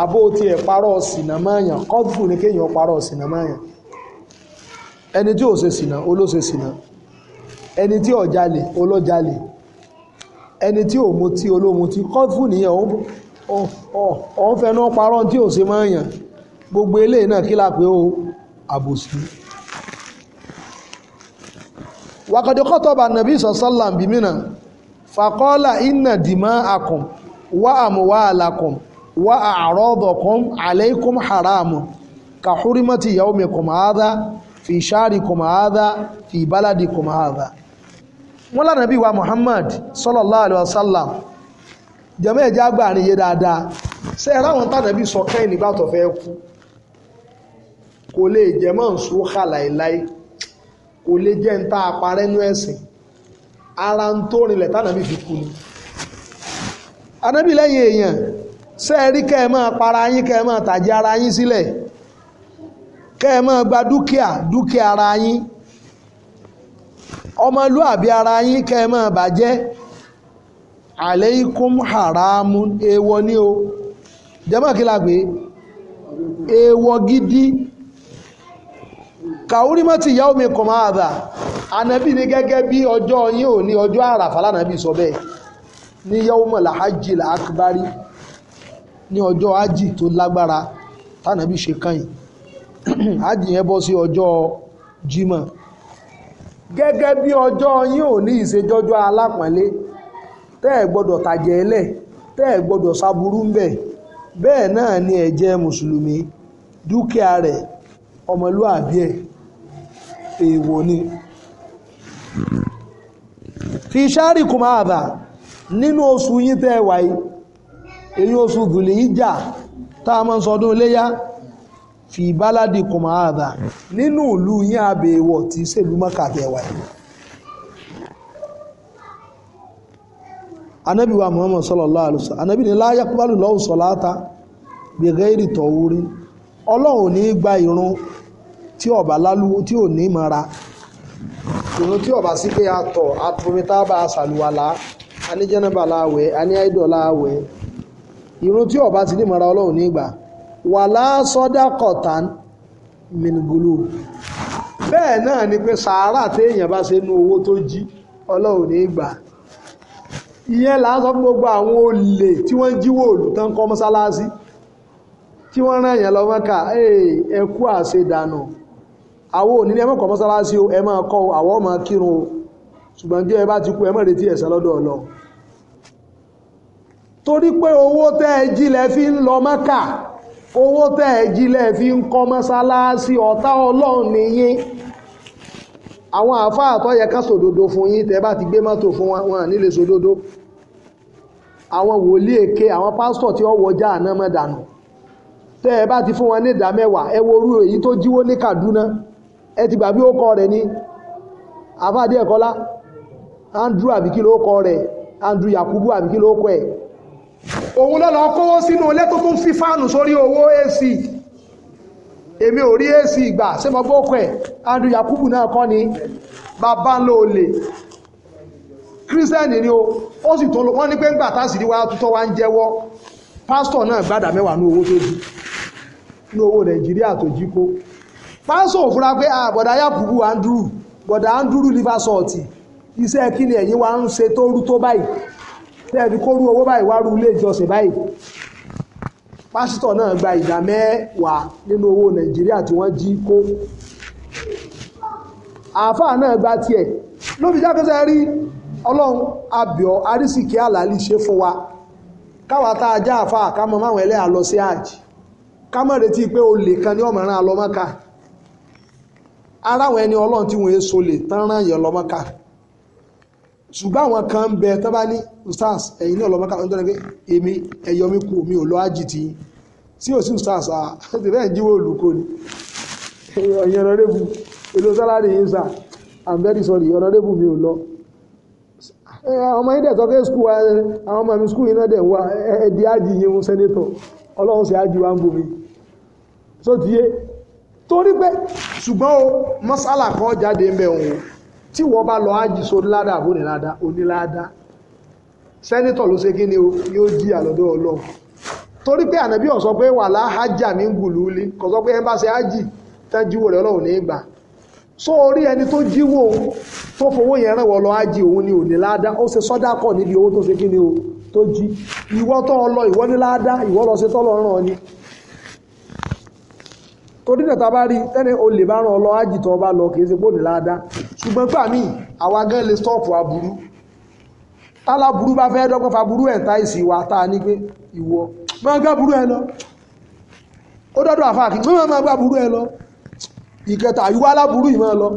àbó tí ẹ̀ parọ́ sìnà mọ́yàn kọ́fù ní kéèyàn parọ́ sìnà mọ́yàn ẹni tí ò ṣe sìnà olóṣe sìnà ẹni tí ò jalè olójalè ẹni tí ò mutí olómutí kọ́fù nìyẹn òun fẹnu parọ́ tí ò ṣe mọ́yàn gbogbo eléyìí náà kí la pé o àbòsí wàkàdé kọ́tọ̀bà nàbí sọ̀sọ́làm bìmínà fàkọ́là ìnà dìmọ́ àkùn wà àmúwà àlàkùn wa àrọ́dọ̀kún aleikum haramu ka hurimati yaumikum hadha fi sharikum hadha fi baladikum hadha wọ́n lánàbí wa muhammad sallallahu alaihi wasallam jẹ́mọ́ ẹ̀já gbà níye dáadáa ṣe é ráwọn tánàbí sọ kẹ́yìn nígbà tó fẹ́ kú kò lè jẹ́mọ́ ń sún hà láìláì kò lè jẹ́ ń tá aparẹ́ nú ẹ̀sìn ara ń tó rinlẹ̀ fi kú ni anábì lẹ́yìn èèyàn ṣé ẹ para yín kẹ́ ẹ ara yín sílẹ̀ kẹ́ gba dúkìá dúkìá ara yín ọmọlúàbí ara yín kẹ́ bàjẹ́ haramu èèwọ̀ ni o jẹ́mọ̀ kí la gbé èèwọ̀ gidi kàwúrí mọ́tì ìyá omi kọ̀ máa dà ànábì ní gẹ́gẹ́ bí ọjọ́ yín ò ní ọjọ́ àràfà lánàbì sọ bẹ́ẹ̀ ní yawmal ní ọjọ́ ájì tó lágbára tánàbí ṣe kányìn ájì yẹn bọ́ sí ọjọ́ jímọ̀ gẹ́gẹ́ bí ọjọ́ yín ò ní ìṣèjọ́jọ́ alápọ̀nlé tẹ́ ẹ̀ gbọ́dọ̀ tàjẹ́ ẹlẹ̀ tẹ́ ẹ̀ gbọ́dọ̀ ṣaburú ń bẹ̀ bẹ́ẹ̀ náà ni ẹ̀jẹ̀ mùsùlùmí dúkìá rẹ̀ ọmọlúàbí ẹ̀ èèwọ̀ ni fi ṣáàrì kùmáàbà nínú oṣù yín tẹ́ ẹ wáyé èyí oṣù gùlẹ̀ ìjà tá sọdún fi baladi kò ada ninu nínú ìlú yín àbẹ̀wọ̀ tí sèlú mọ́kà anabi wa muhammad sallallahu alaihi wasallam anabi ni láyé pálù lọ́wọ́ sọ̀láta gbẹ̀gẹ́rì tọ̀wúrí ọlọ́run ní gba irun tí ọba lálúwo tí ò ní mara ìrun tí ọba sí pé atọ̀ a bá a sàlùwàlá láàwẹ̀ láàwẹ̀ irun tí ọba ti ní ìmọ̀ra ọlọ́run ní ìgbà wà lásọ́dá kọ̀tán mìngulù bẹ́ẹ̀ náà ni pé sàárà téèyàn bá ṣe nu owó tó jí ọlọ́run ní ìgbà ìyẹn là ń sọ fún gbogbo àwọn olè tí wọ́n ń jíwó òlù tán kọ́ mọ́sálásí tí wọ́n rán èèyàn lọ mọ́ka ẹ kú àṣedànù àwọn òní ni ẹ mọ̀kọ́ mọ́sálásí o ẹ máa kọ́ o àwọn máa kírun o ṣùgbọ́n jẹ́ ẹ bá ti kú ẹ má retí ẹ̀san lọ́dọ̀ ọlọ́run torí pé owó tẹ́ ẹ jílẹ̀ fi ń lọ mọ́kà owó tẹ́ ẹ jílẹ̀ fi ń kọ́ mọ́sálásí ọ̀tá ọlọ́run nìyí àwọn àáfàá tó yẹ ká sòdodo fún yín tẹ́ bá ti gbé mọ́tò fún wọn wọn nílé sòdodo àwọn wòlíì èké àwọn pásítọ̀ tí ó wọjá àná mọ́ dànù tẹ́ ẹ bá ti fún wọn ní ìdá mẹ́wàá ẹ wo orú èyí tó jíwó ní Kaduna ẹ ti gbàgbé ó kọ rẹ̀ ní àfáàdé ẹ̀kọ́lá Andrew àbíkí ló kọ rẹ̀ Andrew Yakubu àbíkí ló kọ ẹ̀ òun lọ́lọ́ kówó sínú ilé tó tún fi fáànù sórí owó AC èmi ò rí AC ìgbà ṣé mo gbókò ẹ̀ Andrew Yakubu náà kọ́ ni bàbá ńlọ olè kírísítẹ́nì ni o ó sì tó wọ́n ní pé ńgbà táàsì rí wa tútọ́ wa ń jẹ́wọ́ pásítọ̀ náà gbádà mẹ́wàá ní owó tó di ní owó Nàìjíríà tó jí kó pásítọ̀ òfúra pé àbọ̀dá Yakubu Andrew bọ̀dá Andrew liver salt iṣẹ́ kí ni ẹ̀yin wa ń ṣe tó rú tó báyìí tẹ́ẹ̀bí kó rú owó báyìí wá rú ilé ìjọsìn pásítọ̀ náà gba ìdá mẹ́wàá nínú owó nàìjíríà tí wọ́n jí kó àáfàá náà gba tiẹ̀ lóbi jákèjá rí ọlọ́run abíọ́ arísìkí àlàlì ṣe fún wa káwa tá a já àáfàá ká mọ máwọn ẹlẹ́yà lọ sí àjì ká mọ̀ retí pé kan ní alọ́mọ́ka ẹni ọlọ́run tí wọ́n lè tán ràn yẹn lọ́mọ́ka ṣùgbọ́n àwọn kan ń bẹ tó bá ní stars ẹ̀yin náà lọ́mọ́ká ọdún tó lẹ́gbẹ́ èmi ẹ̀yọ́ mi kú mi ò lọ ájì tí sí ò sí stars à ti bẹ́ẹ̀ jíwọ́ olùkọ́ ni ọ̀yìn ọ̀rọ̀dẹ́bù èlò sálárì yìí sà i'm very sorry ọ̀rọ̀dẹ́bù mi ò lọ. ọmọ yìí dẹ̀ sọ pé skul àwọn ọmọ mi skul yìí náà dẹ̀ wá ẹ̀ẹ́dì ájì yìí ń sẹ́nẹ́tọ̀ ọlọ́run sì tí wọ́n bá lọ ájì so ládà àbò níládà oníládà sẹ́nítọ̀ ló ṣe kí ni yóò jí àlọ́dọ̀ ọlọ́run torí pé ànábì ó sọ pé wà láhájà mi ń gùlù lé kò sọ pé ẹ bá ṣe ájì tẹ́júwò rẹ̀ ọlọ́run ní ìgbà so orí ẹni tó jíwò tó fowó yẹn rẹ̀ wọ́n lọ ájì òun ni òní ládá ó ṣe sọ́dá kọ̀ níbi owó tó ṣe kí ni o tó jí ìwọ tó lọ ìwọ ní ládá ìwọ lọ ṣe tọ́lọ ràn ni torí náà bá rí ẹni olè bá ràn ọ ájì tó bá lọ kì í ṣe pò ní ládá ṣùgbọ́n gbà míì àwa gan lè stọ́ọ̀pù aburú táláburú bá fẹ́ dọ́gbọ́n faburú ẹ̀ ta ìsì wa ta ní pé ìwọ máa gbá burú ẹ lọ ó dọ́dọ̀ àfáà kí máa máa gbá burú ẹ lọ ìkẹta àyíwá aláburú ìmọ̀ lọ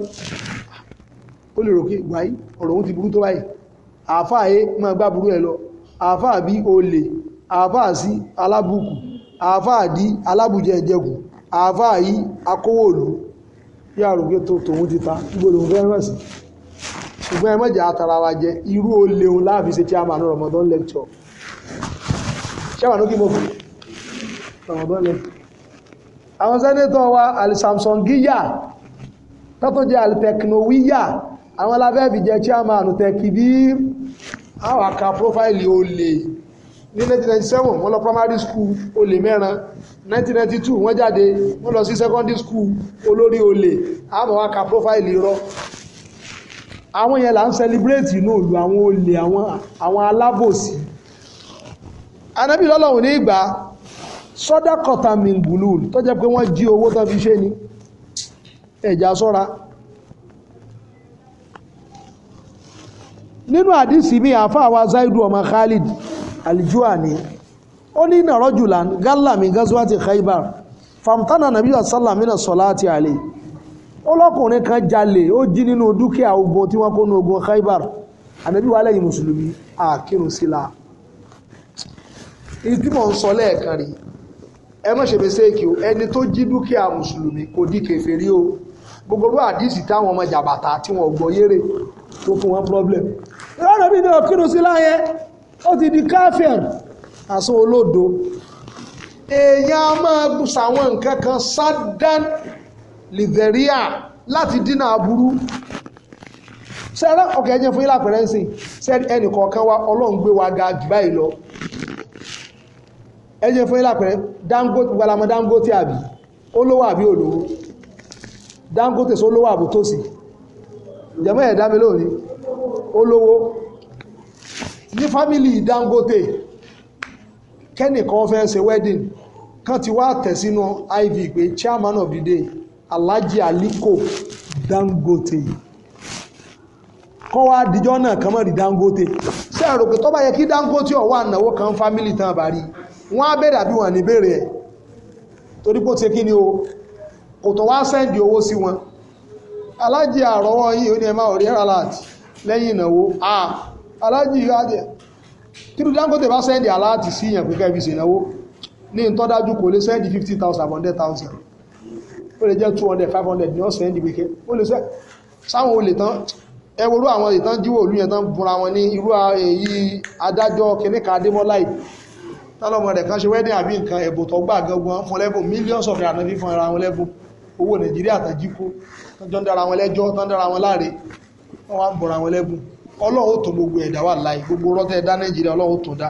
ó lè rò pé wáyé ọ̀rọ̀ òun ti burú tó báyìí àfáà ẹ máa gbá burú ẹ lọ àfáà bí olè àfáà sí alábùkù àfáà dí alábùjẹ ìjẹkù àfáà yí e, akówó òlù yá rògbé tó tòun ti ta gbogbo òun fẹ́ràn sí ṣùgbọ́n ẹ mọ̀jà àtàrà wa jẹ irú olè òun láàfin ṣe chairman Ramadan lecture chairman ó kí mo fún Ramadan lecture àwọn sẹ́nẹ́tọ̀ wa alisamsongiya tọ́tọ́ jẹ́ alitẹkinowiya àwọn alábẹ́ẹ̀bì jẹ́ chairman tẹkibir àwọn àka profaili olè ní 1997 wọ́n lọ primary school olè mẹ́ran 1992 wọ́n jáde wọ́n lọ sí secondary school olórí olè àmọ́ wá ka profile irọ́ àwọn yẹn là ń celebrate inú òlu àwọn olè àwọn alábòsí anábì lọ́lọ́run ní ìgbà sọ́dá kọta mìngùlù tó jẹ́ pé wọ́n jí owó tán fi ṣe ni ẹ̀já sọ́ra nínú àdìsí mi àáfàá wa zaidu ọmọ khalid aljuani ó ní ìnà rọ́jùlá gálàmì gazuwati khaibar famtana nàbí sàlámìnà sọlá àti àlè ọlọ́kùnrin kan jalè ó jí nínú dúkìá ogun tí wọ́n kó ní ogun khaibar ànábì wà lẹ́yìn mùsùlùmí àkírun síla ìdí mọ̀ ń sọ lẹ́ẹ̀kan rí ẹ má ṣe mistake o ẹni tó jí dúkìá mùsùlùmí kò di kèfèrí o gbogbo ló àdìsí táwọn ọmọ jàbàtà tí wọn gbọ́ yéré tó fún wọn problem ìrọ̀rọ̀ mi ni òkírun síla yẹn ó ti di káfíẹ̀r àṣọ olódo èèyàn a máa ṣàwọn nǹkan kan sádán lìvẹ̀ríà láti dínà aburú sẹ́rẹ́ ọ̀kẹ́ ẹ̀jẹ̀ fún yín lápẹ̀rẹ́ ń sìn sẹ́rẹ́ ẹnì kọ̀ọ̀kan wa ọlọ́run gbé wa ga jù báyìí lọ ẹ̀jẹ̀ fún yín lápẹ̀rẹ́ Dangote gbalamọ Dangote àbí olówó àbí olówó Dangote sọ olówó àbòtòsí jẹ̀mọ́ ẹ̀dá mi lónìí olówó ní fámìlì Dangote kẹ́nìkan fẹ́ ṣe wedding kan ti wá tẹ̀ sínú iv pé chairman of the day Alhaji Aliko Dangote kọ́ wá díjọ́ náà kan mọ́ di Dangote ṣé ẹ̀rọ pé tọ́ba yẹ kí Dangote ọ̀wọ́ ànáwó kan fámìlì tán bá rí wọ́n á bẹ̀rẹ̀ àbí wọ́n ní bẹ̀rẹ̀ ẹ̀ torí pé ó ti kí ni o kò tó wá sẹ́ǹdì owó sí wọn Alhaji àrọ́wọ́ yìí ó ní ẹ máa rí ẹ̀ rà lẹ́yìn ìnáwó a. Ah, aláàjì ìhádì kí ló Dangote bá sẹ́ndì aláàtì sí ìyàn pẹ́kẹ́ fi ṣènáwó ní ìtọ́dájú kò lè sẹ́ndì 50,000 100,000 ó lè jẹ́ 200 500 ní ọ̀sẹ̀ ẹ̀ndì pẹ́kẹ́ ó lè sẹ́ sáwọn olè tán ẹwòrú àwọn ìtàn jíwò olú yẹn tán búra wọn ní irú èyí adájọ́ kìnníkà adémọ́lá yìí tálọ́mọ rẹ̀ kan ṣe wẹ́dìn àbí nǹkan ẹ̀bùn tó gbà gangan fún lẹ́bùn millions of naira fi fún ara wọn lẹ́bùn owó nàìjíríà tàjíkó tán jọ ń dára wọn lẹ́jọ́ tán dára wọn láre wọ́n wá ń bọ̀ra wọn lẹ́bùn ọlọ́run tó gbogbo ẹ̀dà wà láì gbogbo rọ́tẹ́ ẹ̀dá nàìjíríà ọlọ́run tó dá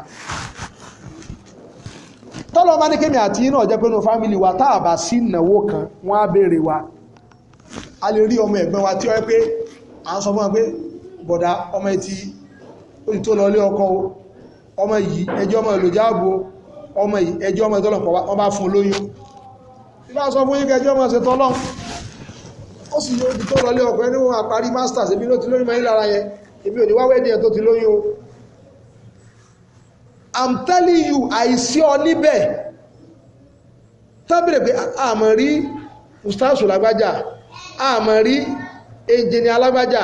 tọ́lọ́ bá ní kémi àti iná ọ̀jẹ́ pẹ́nu wa tá bá sí ìnáwó kan wọ́n á wa a lè rí ọmọ ẹ̀gbọ́n wa tí ó pé à ń sọ ọmọ etí ó ọmọ yìí ẹjọ́ ọmọ ìlòjáàbò ọmọ ọmọ wọ́n bá fún sọ fún ọmọ ọkọ ẹni wọn àparí masters ebi ló ti mọ́ èmi ò ní wá wedding ẹ̀ tó ti lóyún o i'm telling you àìsí ọ níbẹ̀ tábìlì pé àmọ́ rí ustaasu lágbájá àmọ́ rí engineer lágbájá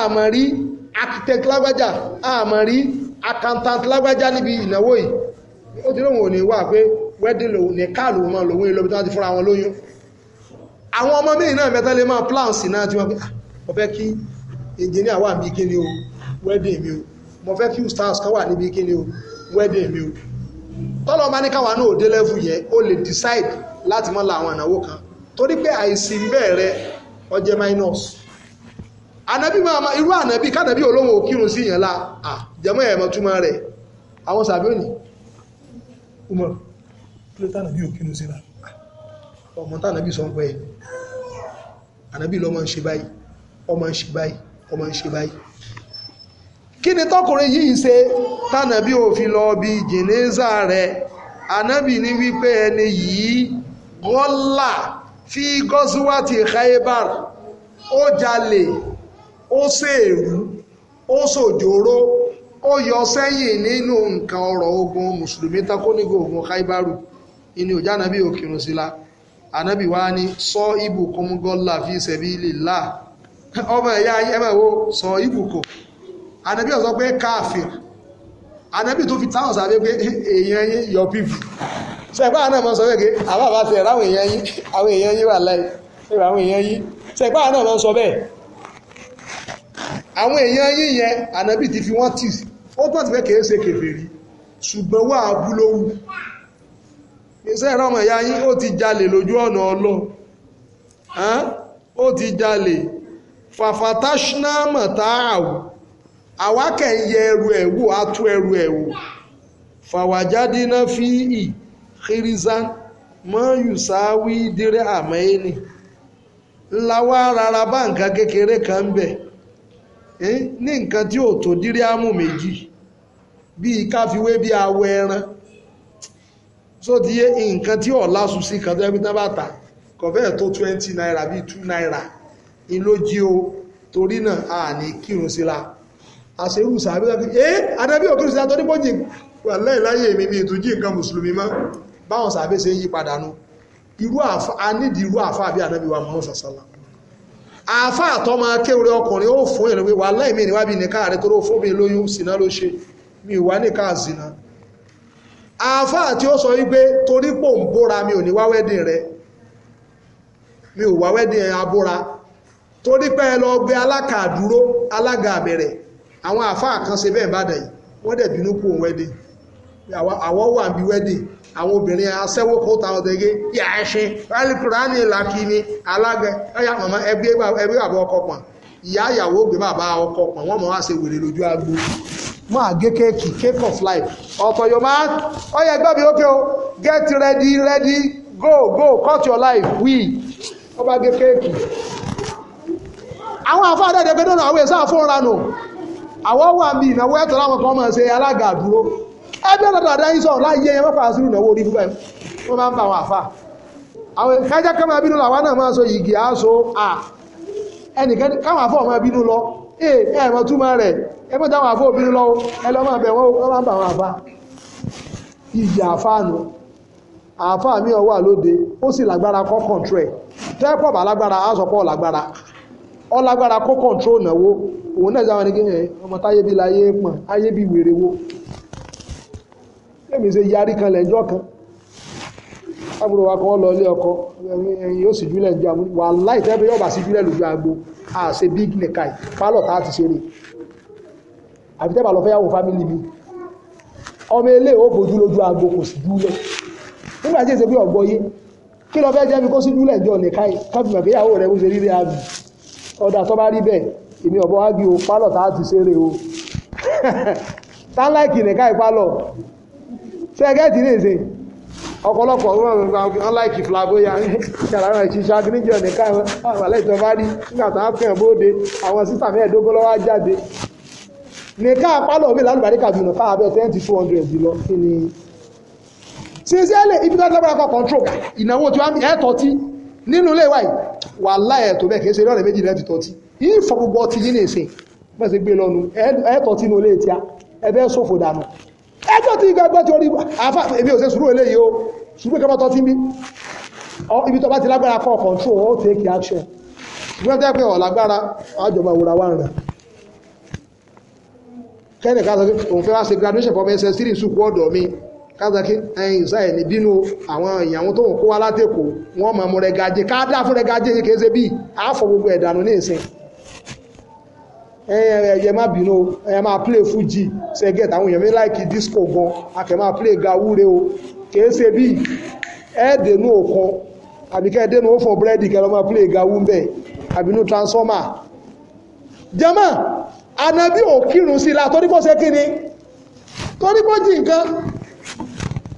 àmọ́ rí architect lágbájá àmọ́ rí accountant lágbájá níbi ìnáwó yìí ó ti lóun ò ní wà pé wedding lòun ní káàlù wọn lòun èlò bí wọ́n ti fúnra wọn lóyún àwọn engineer wà níbi kíni o wedding mi o mo fẹ́ few stars kan wà níbi kíni o wedding mi o tọ́lọ́ bá ní káwa náà dé level yẹn o lè decide láti mọ́ la àwọn ìnáwó kan torí pé àìsí bẹ̀rẹ̀ ọjẹ́ minus ànábì máa irú ànábì kánàbí olóhùn òkírun sí yẹn la àjẹmọ́ ẹ̀mọ́ túmọ̀ rẹ̀ àwọn sàbí òní umar kílótà nàbí òkírun sí la ọmọ tánàbí sọ ń pẹ́ ànábì lọ́mọ ń ṣe báyìí ọmọ ń ṣe báyìí ọmọ ń ṣe báyìí kí ni tọkùnrin yìí ń ṣe tànàbí òfin lọ bí jìnnìza rẹ ànábì ní wípé ẹni yìí gọ́là fi gọ́síwátì khaibar ó jalè ó ṣèrú ó ṣòjòrò ó yọ sẹ́yìn nínú nǹkan ọ̀rọ̀ ogun mùsùlùmí takónígò ogun khaibaru ìní òjá ànábì òkìrùn ànábì wá ní sọ ibùkún gọ́là fi sabilillah ọmọ ẹ̀yà ẹmọ̀ wo sọ ibùkò ànábì ó sọ pé káàfin ànábì tó fi táwọn sàbẹ̀ pé èèyàn yín your people sẹ̀pá àná mọ̀ sọ pé àwọn àbá ti ẹ̀rọ àwọn èèyàn yín àwọn èèyàn yín wà láì ẹ̀rọ àwọn èèyàn yín sẹ̀pá àná mọ̀ sọ bẹ́ẹ̀ àwọn èèyàn yín yẹn ànábì ti fi wọ́n tì ó tó ti fẹ́ kèé ṣe kèfèrí ṣùgbọ́n wà á bú lówù iṣẹ́ ẹ̀rọ ọmọ ìyá yín ó ti jalè lójú ọ̀nà ọlọ́ ó ti jalè fàfàtàṣínà mọ̀tá àwò àwa kẹ̀ ń yẹ ẹrù ẹ̀ wò á tú ẹrù ẹ̀ wò fàwàjáde náà fi ì kírísán mọ́ yùsáwí dírẹ́ àmẹ́yìnì ńlá wá rárá bá nǹkan kékeré kan ń bẹ̀ ní nǹkan tí ò tó dírẹ́ àmù méjì bíi káfíwé bíi awọ ẹran so ti yé nǹkan tí ọ̀la sùn kan tó ẹbí tán bá ta kò fẹ́ẹ̀ tó twenty naira bíi two naira ìlójí o torí náà a ní kírun sí la àṣírù sàbí láti ẹ́ adábí òkúrù sí látọ́ dípọ́ jì wà láìláyé mi bí ìtújí nǹkan mùsùlùmí mọ́ báwọn sàbí ṣe ń yí padà nù irú àfà a bí anábí wa mọ́ sàsálà àfà àtọ́ máa kéwúrẹ́ ọkùnrin ó fún mi zina àfà àti ó sọ wípé torí pò ń bóra mi ò ní wá wẹ́dìn rẹ̀ torí pé ẹ lọ gbé alága alága àbẹ̀rẹ̀ àwọn àfáà kan ṣe bẹ́ẹ̀ yìí wọ́n dẹ̀ bínú kú òun wedding àwọn wà bí àwọn obìnrin kó ta gé yà á ṣe alukurani làkìní alága ẹ̀yà màmá ẹgbẹ́ ẹgbẹ́ cake of life ọ̀pọ̀ o get ready go go cut your life ọba gé àwọn àfa àdẹ́dẹ́ pé dọ́nà àwọn èsà fúnra nù àwọn wà bí ìnáwó ẹ̀tọ́ láwọn kan máa ṣe alága àdúró ẹgbẹ́ ọ̀dọ̀ àdá yìí sọ̀rọ̀ láyé ẹyẹ mọ́fà sí ìnáwó orí fúnbẹ́ wọ́n máa ń fa àwọn àfa àwọn kájá kámá bínú làwọn náà máa sọ yìgì àásọ à ẹnìkan káwọn àfọ máa bínú lọ ẹ ẹ mọ túmọ̀ rẹ ẹ mọ táwọn àfọ bínú lọ ẹ lọ máa bẹ wọn wọn máa ń fa àwọn àfa ìyì àfa nù àfa mi ọ wà lóde ó sì lágbára kọ́ kọ̀ntrẹ̀ tẹ́pọ̀ bá lágbára á sọ pọ̀ lágbára ọlágbára kó control náwó òun náà sáwọn ẹnìkan yẹn ọmọ táyé láyé wo ṣe yarí kan lẹ́jọ́ kan àbúrò wa kan lọ ilé ọkọ ẹ̀yìn yóò sì júlẹ̀ wà láì yóò bá sí agbo big pálọ̀ àbí tẹ́bà lọ fẹ́ ọmọ ilé agbo kò sí júlẹ̀ nígbà tí bí kí lọ ọ̀dà tó bá rí bẹ́ẹ̀ èmi ọ̀bọ̀ wá bí o pálọ̀ tá a ti ṣeré o táláìkì nìka ìpálọ̀ ṣé ẹgẹ́tì ní ìsìn ọ̀pọ̀lọpọ̀ ọ̀nláìkì flagoya yàrá rẹ̀ ṣiṣẹ́ agbẹ́jọ́ nìka àwàlẹ̀ tó bá rí nígbà tó á fẹ́ràn bóde àwọn sísà mẹ́ẹ̀ẹ́dógún lọ́wọ́ á jáde nìka pálọ̀ mi lálùbáríkà jùlọ fáwọn abẹ́ twenty two hundred lọ kí ni sincerely ibi tó ń tẹ́lẹ̀ kọ́ control ìnáwó tí wọ́n á ẹ̀ẹ́tọ́ tí nínú ilé wa yìí wàhálà ẹ̀ tó bẹ́ẹ̀ kì í ṣe eré ọ̀rẹ́ méjì lẹ́ẹ̀tì tọ́tí yìí fọ gbogbo ọtí yìí nìṣe bẹ́ẹ̀ ṣe gbé lọ́nu ẹ̀ tọ́tí inú ilé tí a ẹ bẹ́ẹ̀ sòfò dànù ẹ tọ́tí gbàgbọ́ ti orí àfa èmi ò ṣe sùúrù eléyìí o sùúrù kẹ́mọ́ tọ́tí mi ibi tó bá ti lágbára kọ́ control ó take action ṣùgbọ́n tẹ́ pé ọ̀lágbára àjọba ìwòra wà rẹ̀ kẹ́nìkan sọ pé òun fẹ́ wá ṣe graduation for mss3 sùkú ọ̀dọ̀ mi kázakí ẹyin ìsáyẹ̀ ni bínú àwọn ìyàwó tó ń kó wá látẹ̀kọ́ wọ́n mọ̀ mú rẹ̀gájé káádá fún rẹ̀gájé yìí kéése bíi àáfọ̀ gbogbo ẹ̀dànù ní ìsìn ẹyin ẹ̀yẹ má bínú ẹ̀yẹ máa play fújì sẹ́gẹ̀t àwọn èèyàn mi láìkì disco gan akẹ́ máa play gawúre o kéése bíi ẹ̀ẹ́dẹ̀nù òkan àbíkẹ́ ẹ̀dẹ̀nù ó fọ búrẹ́dì kẹ́ lọ́ máa play gawú bẹ́ẹ̀ àbínú transformer jama anabi ò kírun sí la torí pọ́ sẹ́kíni torí pọ́ jì nǹkan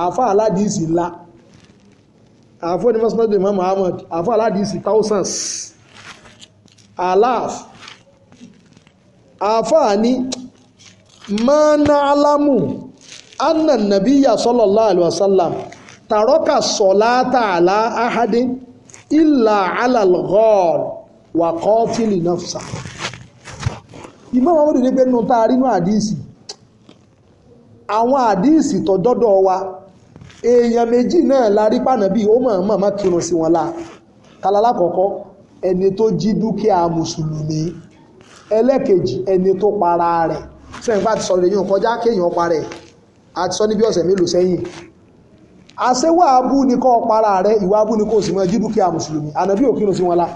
àáfà aládìsí ńlá àáfà onímọ̀sánmọ́dé Imam Ahmad àáfà aládìsí thousands alaaf àáfà ní mọ́nà alámù anna nabiya sallallahu alaihi wasallam tarọ́kà sọ̀láta àlá ahadé ìlà alàlọ́ọ̀rọ̀ wà kọ́tìlì nafsa Imam Ahmad ní pé nù tá a rí àwọn àdìsí tọ́jọ́dọ̀ wa èèyàn méjì náà la rí pànàbí ó mọ̀ọ́mọ̀ má kírun sí wọn la kálálá kọ̀ọ̀kọ́ ẹni tó jí dúkìá mùsùlùmí ẹlẹ́kejì ẹni tó para rẹ̀ sẹ́yìn bá ti sọ̀rọ̀ èyàn kọjá kéèyàn para ẹ̀ àti sọ ní bí ọ̀sẹ̀ mélòó sẹ́yìn àṣewà abú ni kọ́ para rẹ̀ ìwà abú ni kò sì mọ́ jí dúkìá mùsùlùmí ànàbí ò kírun sí wọn la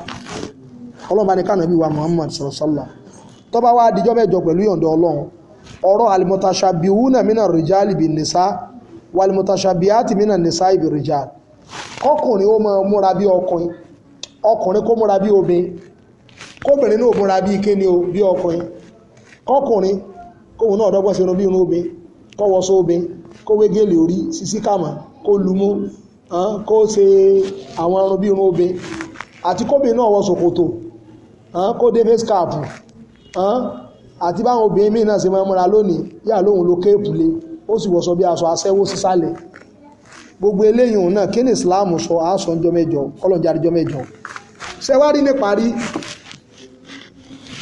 ọlọ́run bá ní kánàbí wa Muhammad sọ̀rọ̀sọ́lá tó bá wá dijọ́ mẹ́jọ pẹ̀lú yọ̀ǹda ọlọ́run ọ̀rọ̀ alimutashabiwuna mina rijali bin nisa walimutashabiyati minan nisa'i birijal kọkùnrin ó máa múra bí ọkùnrin ọkùnrin kó múra bí obìnrin kóbìnrin náà múra bí ike ni o bí ọkùnrin kọkùnrin kóhun náà dọ́gbọ́n sí irun bí irun obìnrin kọ́wọ́sọ obìnrin kó wé gèlè orí sísí kàmá kó lumú kó ṣe àwọn irun bí irun obìnrin àti kóbìnrin náà wọ ṣòkòtò kó dé face cap àti báwọn obìnrin míì náà ṣe máa múra lónìí yà lóhun lo kéèpù lé ó sì wọ̀sọ bí aṣọ aṣẹ́wó sísàlẹ̀ gbogbo eléyìí òun náà kí Islam sọ aṣọ ọjọ́ mẹ́jọ kọlọ̀njà àdìjọ́ mẹ́jọ ṣẹwárí ní parí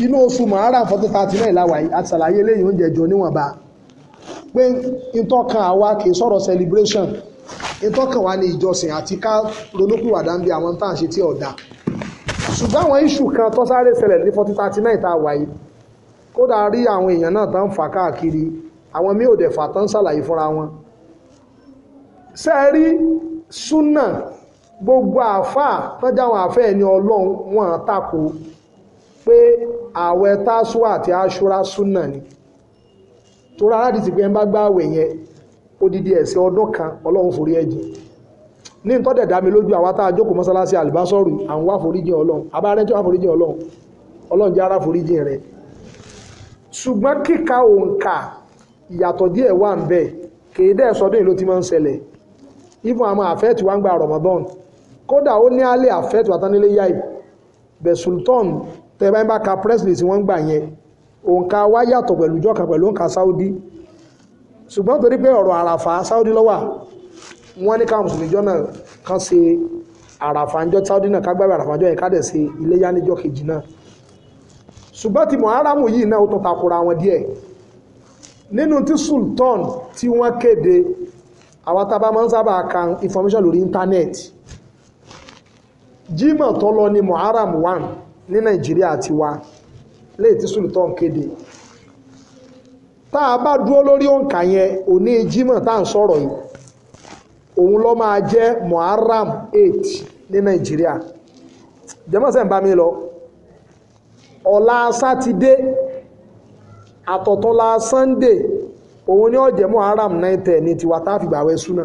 inú oṣù mọ̀hárà fọ́tún tààtì náà ìlàwà àti ṣàlàyé pe oúnjẹ jọ níwọ̀nba pé ìtọ́kan àwa celebration wa ni ìjọsìn àti ká ronúpìwàdà ń bí àwọn tá à ń ṣe tí ọ̀dà kan tó sáré ní fọ́tún náà ìta kódà rí àwọn èèyàn àwọn mí ò dẹ̀fà tán ṣàlàyé fúnra wọn sẹ́ẹ̀rí súnà gbogbo àáfàá tọ́jáwọn àáfẹ́ ẹni ọlọ́run wọn tako pé ààwẹ̀ tásúwà àti aṣúra súnà ni tó rárá di ti pé ẹ bá gbá àwẹ̀ yẹn odidi ẹ̀sìn ọdún kan ọlọ́run forí ẹ̀jẹ̀ ní ìtọ́dẹ̀ dá mi lójú àwa tá a jókòó mọ́sálásí àlùbásọ́rù àwọn wá foríjìn ọlọ́run abárẹ́ tí wá foríjìn ọlọ́run ọlọ́run jẹ́ ara foríjìn rẹ̀ ṣùgbọ́n kíka òǹkà ìyàtọ̀ díẹ̀ wà ń bẹ̀ kèé dẹ́ sọdún yìí ló ti máa ń ṣẹlẹ̀ even àwọn àfẹ́ẹ̀tì wa ń gba Ramadan kódà ó ní alẹ́ àfẹ́ẹ̀tì wa tánílé yá yìí bẹ̀ Sultan tẹ́ẹ̀bá ń bá ka Presley tí wọ́n ń gbà yẹn òǹkà wa yàtọ̀ pẹ̀lú ìjọ kan pẹ̀lú òǹkà Saudi ṣùgbọ́n torí pé ọ̀rọ̀ àràfà Saudi lọ́wà wọ́n ní káwọn mùsùlùmí jọ náà kan ṣe àràfà ńjọ Saudi náà kágbábẹ́ àràfà ńjọ yẹn ká dẹ̀ ṣe iléyá níjọ kejì náà ṣùgbọ́n ti Muharram yìí náà ó tún takora wọn díẹ̀ nínú tí sultan tí wọ́n kéde àwọn tábà máa sábà ka information lórí internet jímọ̀ tó lọ ní muharram 1 ní nàìjíríà ti wá léè tí sultan kéde tá a bá dúró lórí òǹkà yẹn òní jímọ̀ tá à ń sọ̀rọ̀ yìí òun ló máa jẹ́ muharram 8 ní nàìjíríà jẹ́mọ́sẹ̀ ń bá mi lọ ọ̀la sátidé àtọ̀tọ̀la Sunday òun ni ọ̀jẹ̀ Muharram nine ten ní tiwa tá a fi súnà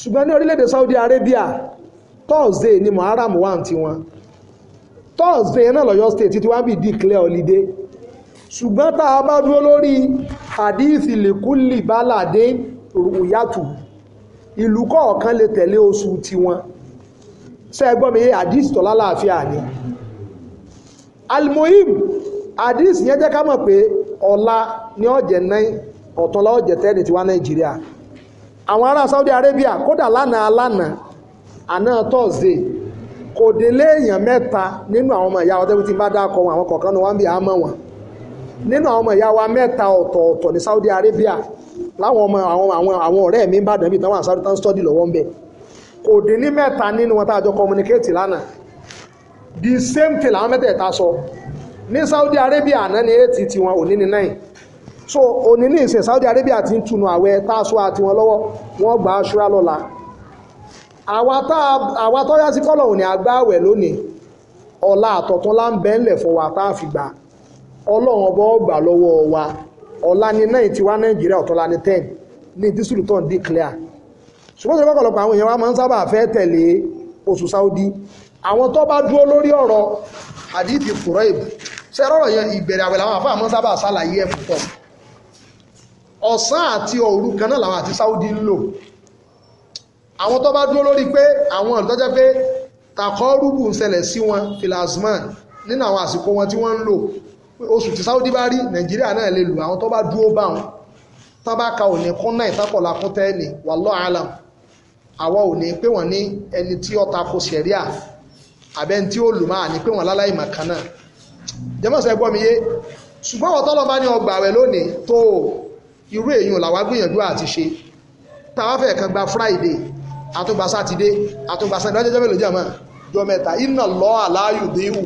ṣùgbọ́n ní orílẹ̀-èdè Saudi Arabia Thursday ni Muharram wà tiwọn Thursday náà lọ́yọ́ state tí wọ́n bí declare holiday ṣùgbọ́n tá a bá dúró lórí hadithi likuli balade ruyatu ìlú kọ̀ọ̀kan lè tẹ̀lé oṣù tiwọn ṣe é mi hadithi tọ́lá láàfíà ni almohim àdìs yẹn jẹ́ ká mọ pé ọ̀la náà tiwa nàìjíríà àwọn ará Saudi Arabia kódà lánàá lánàá àná tọ́sídẹ̀ẹ́ kò délé èèyàn mẹ́ta nínú àwọn ọmọ ìyá wa bá dákọ̀ wọn àwọn kọ̀ọ̀kan ní wọ́n wọn nínú àwọn ọmọ ìyá wa mẹ́ta ọ̀tọ̀ọ̀tọ̀ ní Saudi Arabia láwọn ọmọ àwọn àwọn àwọn ọ̀rẹ́ mi ń táwọn ní Saudi Arabia àná ni eighty tiwọn òní ni nine so òní ní ìsìn Saudi Arabia ti ń tunu àwẹ̀ táṣọ àti wọn lọ́wọ́ wọn gbà á ṣúra lọ́la àwa tó yá sí kọ́lọ̀ òní àgbà àwẹ̀ lónìí ọ̀la àtọ̀tún lá ń fún wa tá a fi gbà ọlọ́run ọba ọgbà lọ́wọ́ wa ọ̀la ní nine tiwa Nàìjíríà ọ̀tọ́la ní ten ní dísìlù tó ń declare ṣùgbọ́n ṣe kọ́kọ́lọpọ̀ àwọn èèyàn wa máa ń sábà fẹ́ tẹ̀lé oṣù Saudi àwọn tó bá dúró lórí ọ̀rọ̀ hadith Kurayb ṣe rọ̀rọ̀ yẹn ìbẹ̀rẹ̀ àwẹ̀ làwọn àfáà mọ́ sábà ṣàlàyé ẹ̀ púpọ̀ ọ̀sán àti òru kan náà làwọn àti Saudi ń lò àwọn tó bá dúró lórí pé àwọn ìtọ́jẹ́ pé takọ́rùbù ń ṣẹlẹ̀ sí wọn filasman nínú àwọn àsìkò wọn tí wọ́n ń lò oṣù tí Saudi bá rí Nàìjíríà náà lè lò àwọn tó bá dúró bá wọn tán bá ka òní kún náà ìtàkọ̀lá kún tẹ́ẹ̀nì wallahu alam àwa òní pé wọ́n ní ẹni tí ó tako ṣẹ̀ríà àbẹ́ni tí ó lò máa ní pé wọ́n láláì màkà náà jẹ́mọ̀sẹ̀ gbọ́ mi yé ṣùgbọ́n àwọn tọ́lọ́ bá ní ọgbà rẹ̀ lónìí tó irú èèyàn làwa gbìyànjú àti ṣe táwa fẹ́ kan gba Friday àtúgba sátidé àtúgba sátidé ọjọ́ mélòó jẹ́ mọ́ jọ mẹ́ta iná lọ àláyù déwù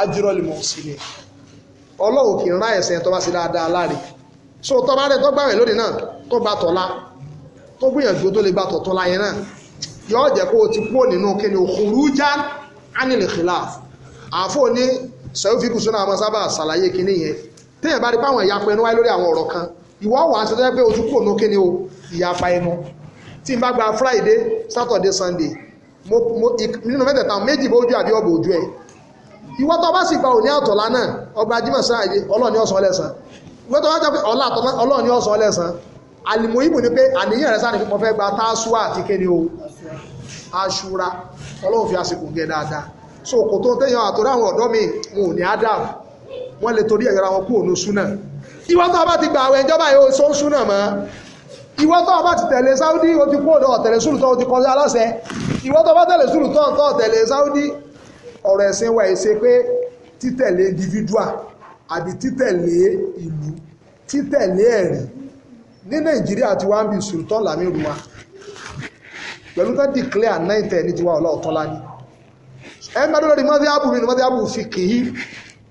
ájúrọ́lì mọ̀ sí ni ọlọ́run kì í rá ẹ̀sẹ̀ tó bá sí dáadáa láre so tó bá rẹ̀ tó gbà rẹ̀ lónìí náà tó bá tọ̀la tó gbìyànjú tó lè gbà tọ̀tọ̀la yẹn náà yọ ọ̀jẹ̀ kó o ti kúrò nínú kíni òkúrú já anil khilaf àfọ ní sẹ́wọ́fíkù sọ́nà àwọn sábà ṣàlàyé kinní yẹn téèyàn bá rí páwọn ìyapa ẹnu wáyé lórí àwọn ọ̀rọ̀ kan ìwọ́ wà á ti sọ́jọ́ pé ojú kò nókè ni o ìyapa ẹnu tí n bá gba friday saturday sunday nínú mẹ́tẹ̀ẹ̀ta méjì bó ojú àbí ọ̀bọ̀ ojú ẹ̀ ìwọ́ tó bá sì gba òní àtọ̀lá náà ọgbà jimá sáàyè ọlọ́ọ̀ni ọ̀sán ọlẹ́sàn ìwọ́ tó bá jẹ́ pé ọ̀là àtọ̀lá ọlọ́ọ̀ni ọ̀sán ọlẹ́sàn àlìmọ̀ ìbò ni pé àníyàn rẹ̀ sáà ni mo fẹ́ gba táásùwà àti kéde o aṣúra ọlọ́run fi àsìkò gẹ dáadáa so kò tó tẹ́yàn àtọ́rọ àwọn ọ̀dọ́ mi wọn ní adam wọ́n lè torí ẹ̀yọ́ra wọn kú òun súnà ìwọ tó bá ti gbà àwọn ìjọba yóò sọ súnà mọ́ ìwọ tó bá ti tẹ̀lé Saudi o ti kú ọ̀dọ̀ ọ̀tẹ̀lẹ̀ sùúrù tó o ti kọjá aláṣẹ ìwọ tó bá tẹ̀lé sùúrù tó ọ̀tọ̀ Saudi ọ̀rọ̀ ẹ̀sìn wa ẹ̀sẹ̀ pé títẹ̀lé individual àbí títẹ̀lé ìlú títẹ̀lé ẹ̀rí ní Nàìjíríà ti wá ń bi sùúrù tó pẹ̀lú tó declare ninth ẹni tiwa ọlọ́ọ̀tọ́ lá ní ẹ ń bá dọ́lọ́dì mọ́síábù mi ní mọ́síábù fi kì í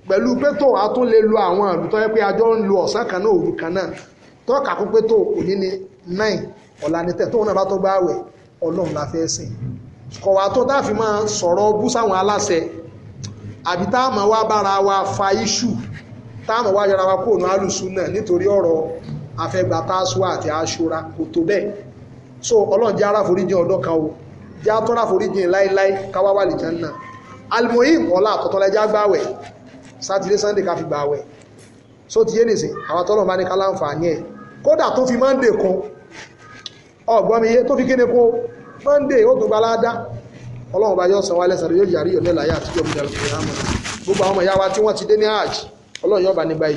pẹ̀lú pé tó a tún lè lo àwọn ìlú tó yẹ pé àjọ ń lo ọ̀sán kan náà òru kan náà tó kà kún pé tó òní ni nine ọ̀la ni tẹ̀ tóun náà bá tó bá wẹ̀ ọlọ́run la fẹ́ sìn kọ̀ wá tó dáàfin máa sọ̀rọ̀ bú sáwọn aláṣẹ àbí táàmù wa bára wa fa iṣu táàmù wa yọra wa kóònù alùsùn náà nítorí ọ̀rọ̀ afẹ́gbà táṣúà àti aṣúra kò tó bẹ́ẹ̀ so ọlọ́run jẹ́ ara foríjìn ọdọ́ kan o jẹ́ atọ́ra foríjìn láíláí káwá wà lìjẹ́ náà alimoyim ọlá àtọ̀tọ̀ lẹ́jà gbàwẹ̀ sátidé sunday ká fi gbàwẹ̀ so ti yé nìsín àwọn tọ́lọ̀ bá ní ká láǹfààní ẹ̀ kódà tó fi monday kun ọ̀gbọ́mi yé tó fi kéde kun monday ó tún gbalada ọlọ́run bá yọ sanwó alẹ́ sàrẹ́ yóò yàrí yọ̀ nílàyà àti yọ̀ bíi alùpùpù hàn gbogbo àwọn ọmọ ìyá wa tí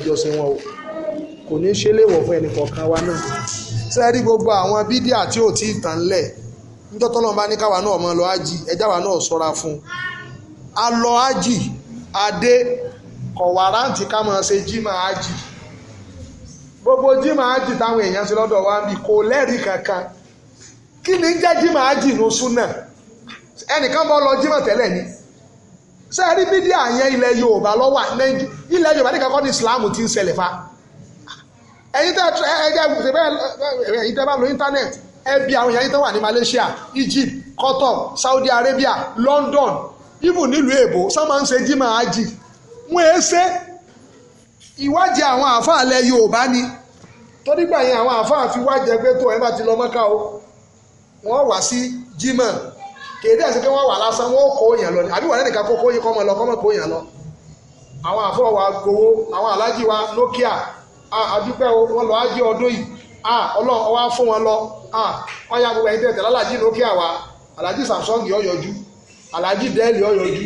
wọ́n ti ní ṣe léwọ̀ fún ẹnì wa náà sẹ́rí gbogbo àwọn bídíà tí ò tí ì tàn lẹ̀ nítorí ní káwa náà mọ́ lọ ájì ẹjá wa náà sọ́ra fún un a lọ ájì adé kọ̀wárántì ká máa ṣe jímọ̀ ájì gbogbo jímọ̀ ájì táwọn èèyàn ṣe wa ń kò lẹ́rìí kankan kí ni ń jẹ́ jímọ̀ ájì ní ni bídíà yẹn ilẹ̀ Yorùbá lọ́wọ́ ẹ̀yin tẹ́ ẹ̀jẹ̀ ṣe bẹ́ẹ̀ ẹ̀yin tẹ́ bá lo íńtánẹ́ẹ̀tì ẹ bi àwọn ẹ̀yin tẹ́ wà ní Malaysia Egypt Qatar Saudi Arabia London even nílùú èbó sọ́mọ́ ń ṣe jimá ají wọ́n ẹ ṣe ìwádìí àwọn àáfàá alẹ́ Yorùbá ni tó nígbà yẹn àwọn àáfàá fi wájẹ pé tó ẹ bá ti lọ mọ́ká o wọ́n wá sí jimá kéde àti pé wọ́n wà lásán wọ́n kó yẹn lọ ni àbí wà lẹ́nìkan kó kó yẹn kọ́ mọ́ lọ kọ́ mọ́ kó yẹn lọ àwọn àfọwà gbowó àwọn alájí wa Nokia àdúpẹ́ o wọ́n lọ ájí ọdún yìí à ọlọ́run ọwá fún wọn lọ à ọyá gbogbo ẹ̀yìn tẹ̀tẹ̀ lálàjì lókè àwa alájì samsung ọ̀yọ́jú alájì dell ọ̀yọ́jú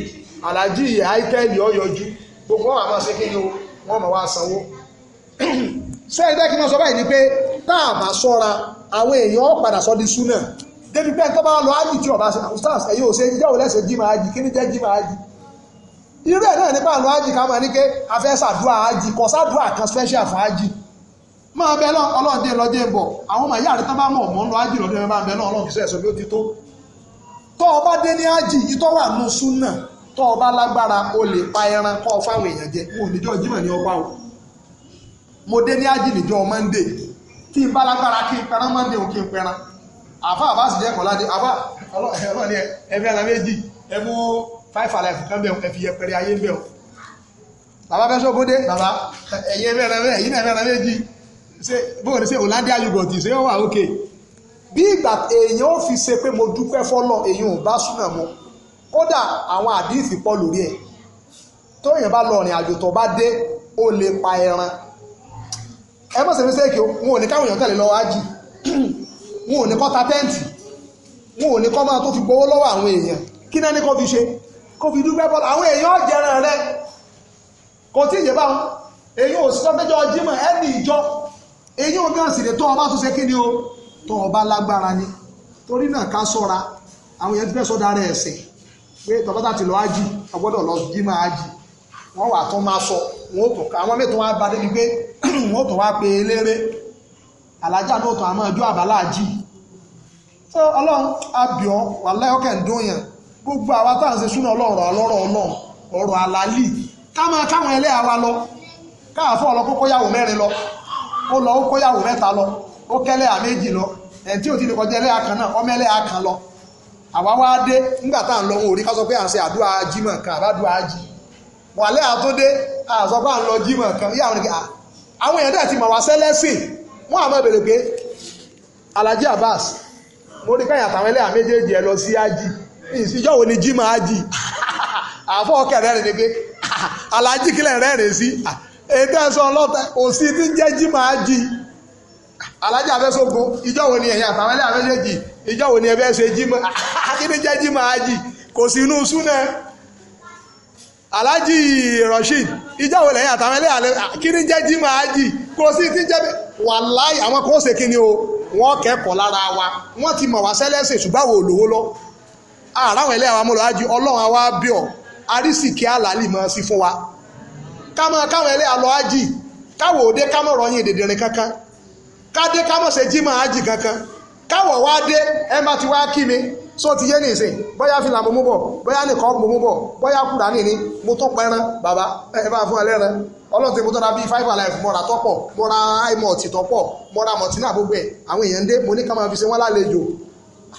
alájì itel ọ̀yọ́jú gbogbo wọn àmọ́ sí kí ni o wọ́n mọ̀ wá sanwó. sẹ́yìn dẹ́kí náà sọ báyìí ni pé tá a bá sọ́ra àwọn èèyàn padà sọ di súnà débi pé tó bá lọ ájì tí ọba ṣe àwọn stars ẹ̀yìn òṣèjì jẹ́ òlẹ́sẹ̀ jí máa jì kí ni jẹ́ jí máa jì irú ẹ̀ náà nípa àánú ájì ká máa ní a fẹ́ kan special fún ájì máa bẹ lọ́n ń bọ̀ àwọn ọmọ ìyá tán bá mọ̀ mọ́ lọ ájì lọ́dún máa bẹ lọ́n ọlọ́run fìṣẹ́ ẹ̀sọ́ bí ó ti tó tọ́ ọ bá dé ní ájì yìí tọ́ wà nù súnà tọ́ ọ bá lágbára o lè pa ẹran kọ́ ọ o mo dé ní ájì níjọ́ mọ́ndé kí n bá lágbára kí n mọ́ndé o kí five alive kan bẹ̀ ẹ fi yẹpẹrẹ ayé bẹ̀ o bàbá fẹ́ sọ́kódé bàbá ẹ̀yin mẹ́rin mẹ́rin ẹ̀yin mẹ́rin méjì ṣe bóyá ní ṣe ọ̀làdé ayúgọ̀tì ṣe wà ókè bí ìgbà èèyàn ò fi ṣe pé mo dúpẹ́ fọ́lọ́ èèyàn ò bá súnà mu kódà àwọn àdìsí pọ̀ lórí ẹ̀ tó èèyàn bá lọ ọ̀rìn àjò tó bá dé ó lè pa ẹran ẹ mọ̀ sí ní sẹ́ẹ̀kì wọn ò ní káwọn èèyàn tẹ̀lé lọ́wọ́ ájì wọn ò ní kọ́ ta tẹ́ǹtì wọn ò ní kọ́ máa tó fi gbowó lọ́wọ́ àwọn èèyàn kí náà ní kọ́ fi ṣe kó fi dúpẹ́ bọ́lá àwọn èèyàn jẹran rẹ kò tí ì yé báwọn èyí ò sí tọ́pẹ́jọ́ jímọ̀ ẹni ìjọ èyí ò náà sì lè tó ọba tó ṣe kí ni o tó ọba lágbára ni torí náà ká sọ́ra àwọn èèyàn ti fẹ́ sọ́dá rẹ̀ ẹ̀sìn pé tọ́pátá ti lọ ájì ọgbọ́dọ̀ lọ jímọ̀ ájì wọ́n wà tó máa sọ wọ́n tó ká àwọn mẹ́tọ́ wá bá débi pé wọ́n tó wá pe eléré alájà lóòótọ́ àmọ́ ọjọ́ àbálà ájì ọlọ́run abìọ́ wàláyọ́kẹ̀ ń dún yàn gbogbo àwa tá à ń ṣe súnà ọlọ́rọ̀ alọ́rọ̀ ọlọ́run ọ̀rọ̀ àlàálì ká máa káwọn ẹlẹ́yà wa lọ káàfọ́ ọlọ́ kókóyàwó mẹ́rin lọ ó lọ ó kóyàwó mẹ́ta lọ ó kẹ́lẹ́yà méjì lọ ẹ̀yìn tí ò ti lè kọjá ẹlẹ́yà kan náà ọmọ ẹlẹ́yà kan lọ àwa wá dé nígbà tá à ń lọ òrí ká sọ pé à ń ṣe àdúrà jímọ̀ kan àbádùn pé à ń lọ ìsìjọ́ wo ni jimá ájì àfọ́ kẹrẹ́rìn ni pé alájí kílẹ̀ rẹ́rìn sí ètò ẹ̀sọ́ ọlọ́tà òsì tí ń jẹ́ jimá ájì alájà abẹ́sọ̀gbọ́ ìjọ wo ni ẹ̀yìn àtàwọn ẹlẹ́yà méjèèjì ìjọ wo ni ẹ̀bẹ́ ṣe jimá kíni jẹ́ jimá ájì kò sí inú súnà alájí Rashid ìjọ wo lẹ́yìn àtàwọn ẹlẹ́yà kíni jẹ́ jimá ájì kò sí tí ń jẹ́ wàláì àwọn kò ṣe kíni o wọ́n kẹ́kọ̀ọ́ lára wa wọ́n ti mọ̀ wá sẹ́lẹ̀sẹ̀ ṣùgbọ́n àwọn olówó lọ àràwọn ẹlẹ́yà wa mọ́ ájú ọlọ́run àwa bí ọ arísìkí àlàlì mọ́ sí fún wa kámọ́ káwọn ẹlẹ́yà lọ ájì òde rọyìn dèdèrìn kankan kádé kámọ́ ṣe jí máa ájì kankan káwọ̀ wá dé ẹ má ti wá kí mi só ti yé nìsín bóyá fìlà mo mú bọ̀ bóyá nìkan mo mú bọ̀ bóyá kúrà nìní mo tó bàbá ẹ bá fún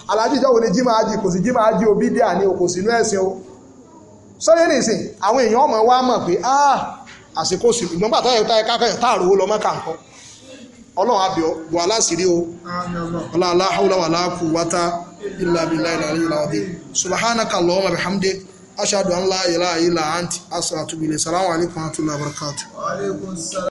ala ìjọwò ni jimá ájì kò sí jimá ájì obídíà ni kò sínú ẹ̀sìn o sọ́yẹ́ nìsín àwọn èèyàn ọmọ wa mọ̀ pé ah àsìkò sí ìgbọ́n bàtà ẹ̀ta ẹ̀ka kẹyọ̀ táàrò lọ mọ́ka nǹkan ọlọ́run àbí ọ̀bọ̀ aláṣírí o ọlá aláhàwùlá wà láàkú wátá ilà abilà ilà ilà ọdẹ subhanaka allahumma bihamdi ashhadu an la ilaha illa anti asalatu billahi salamu alaykum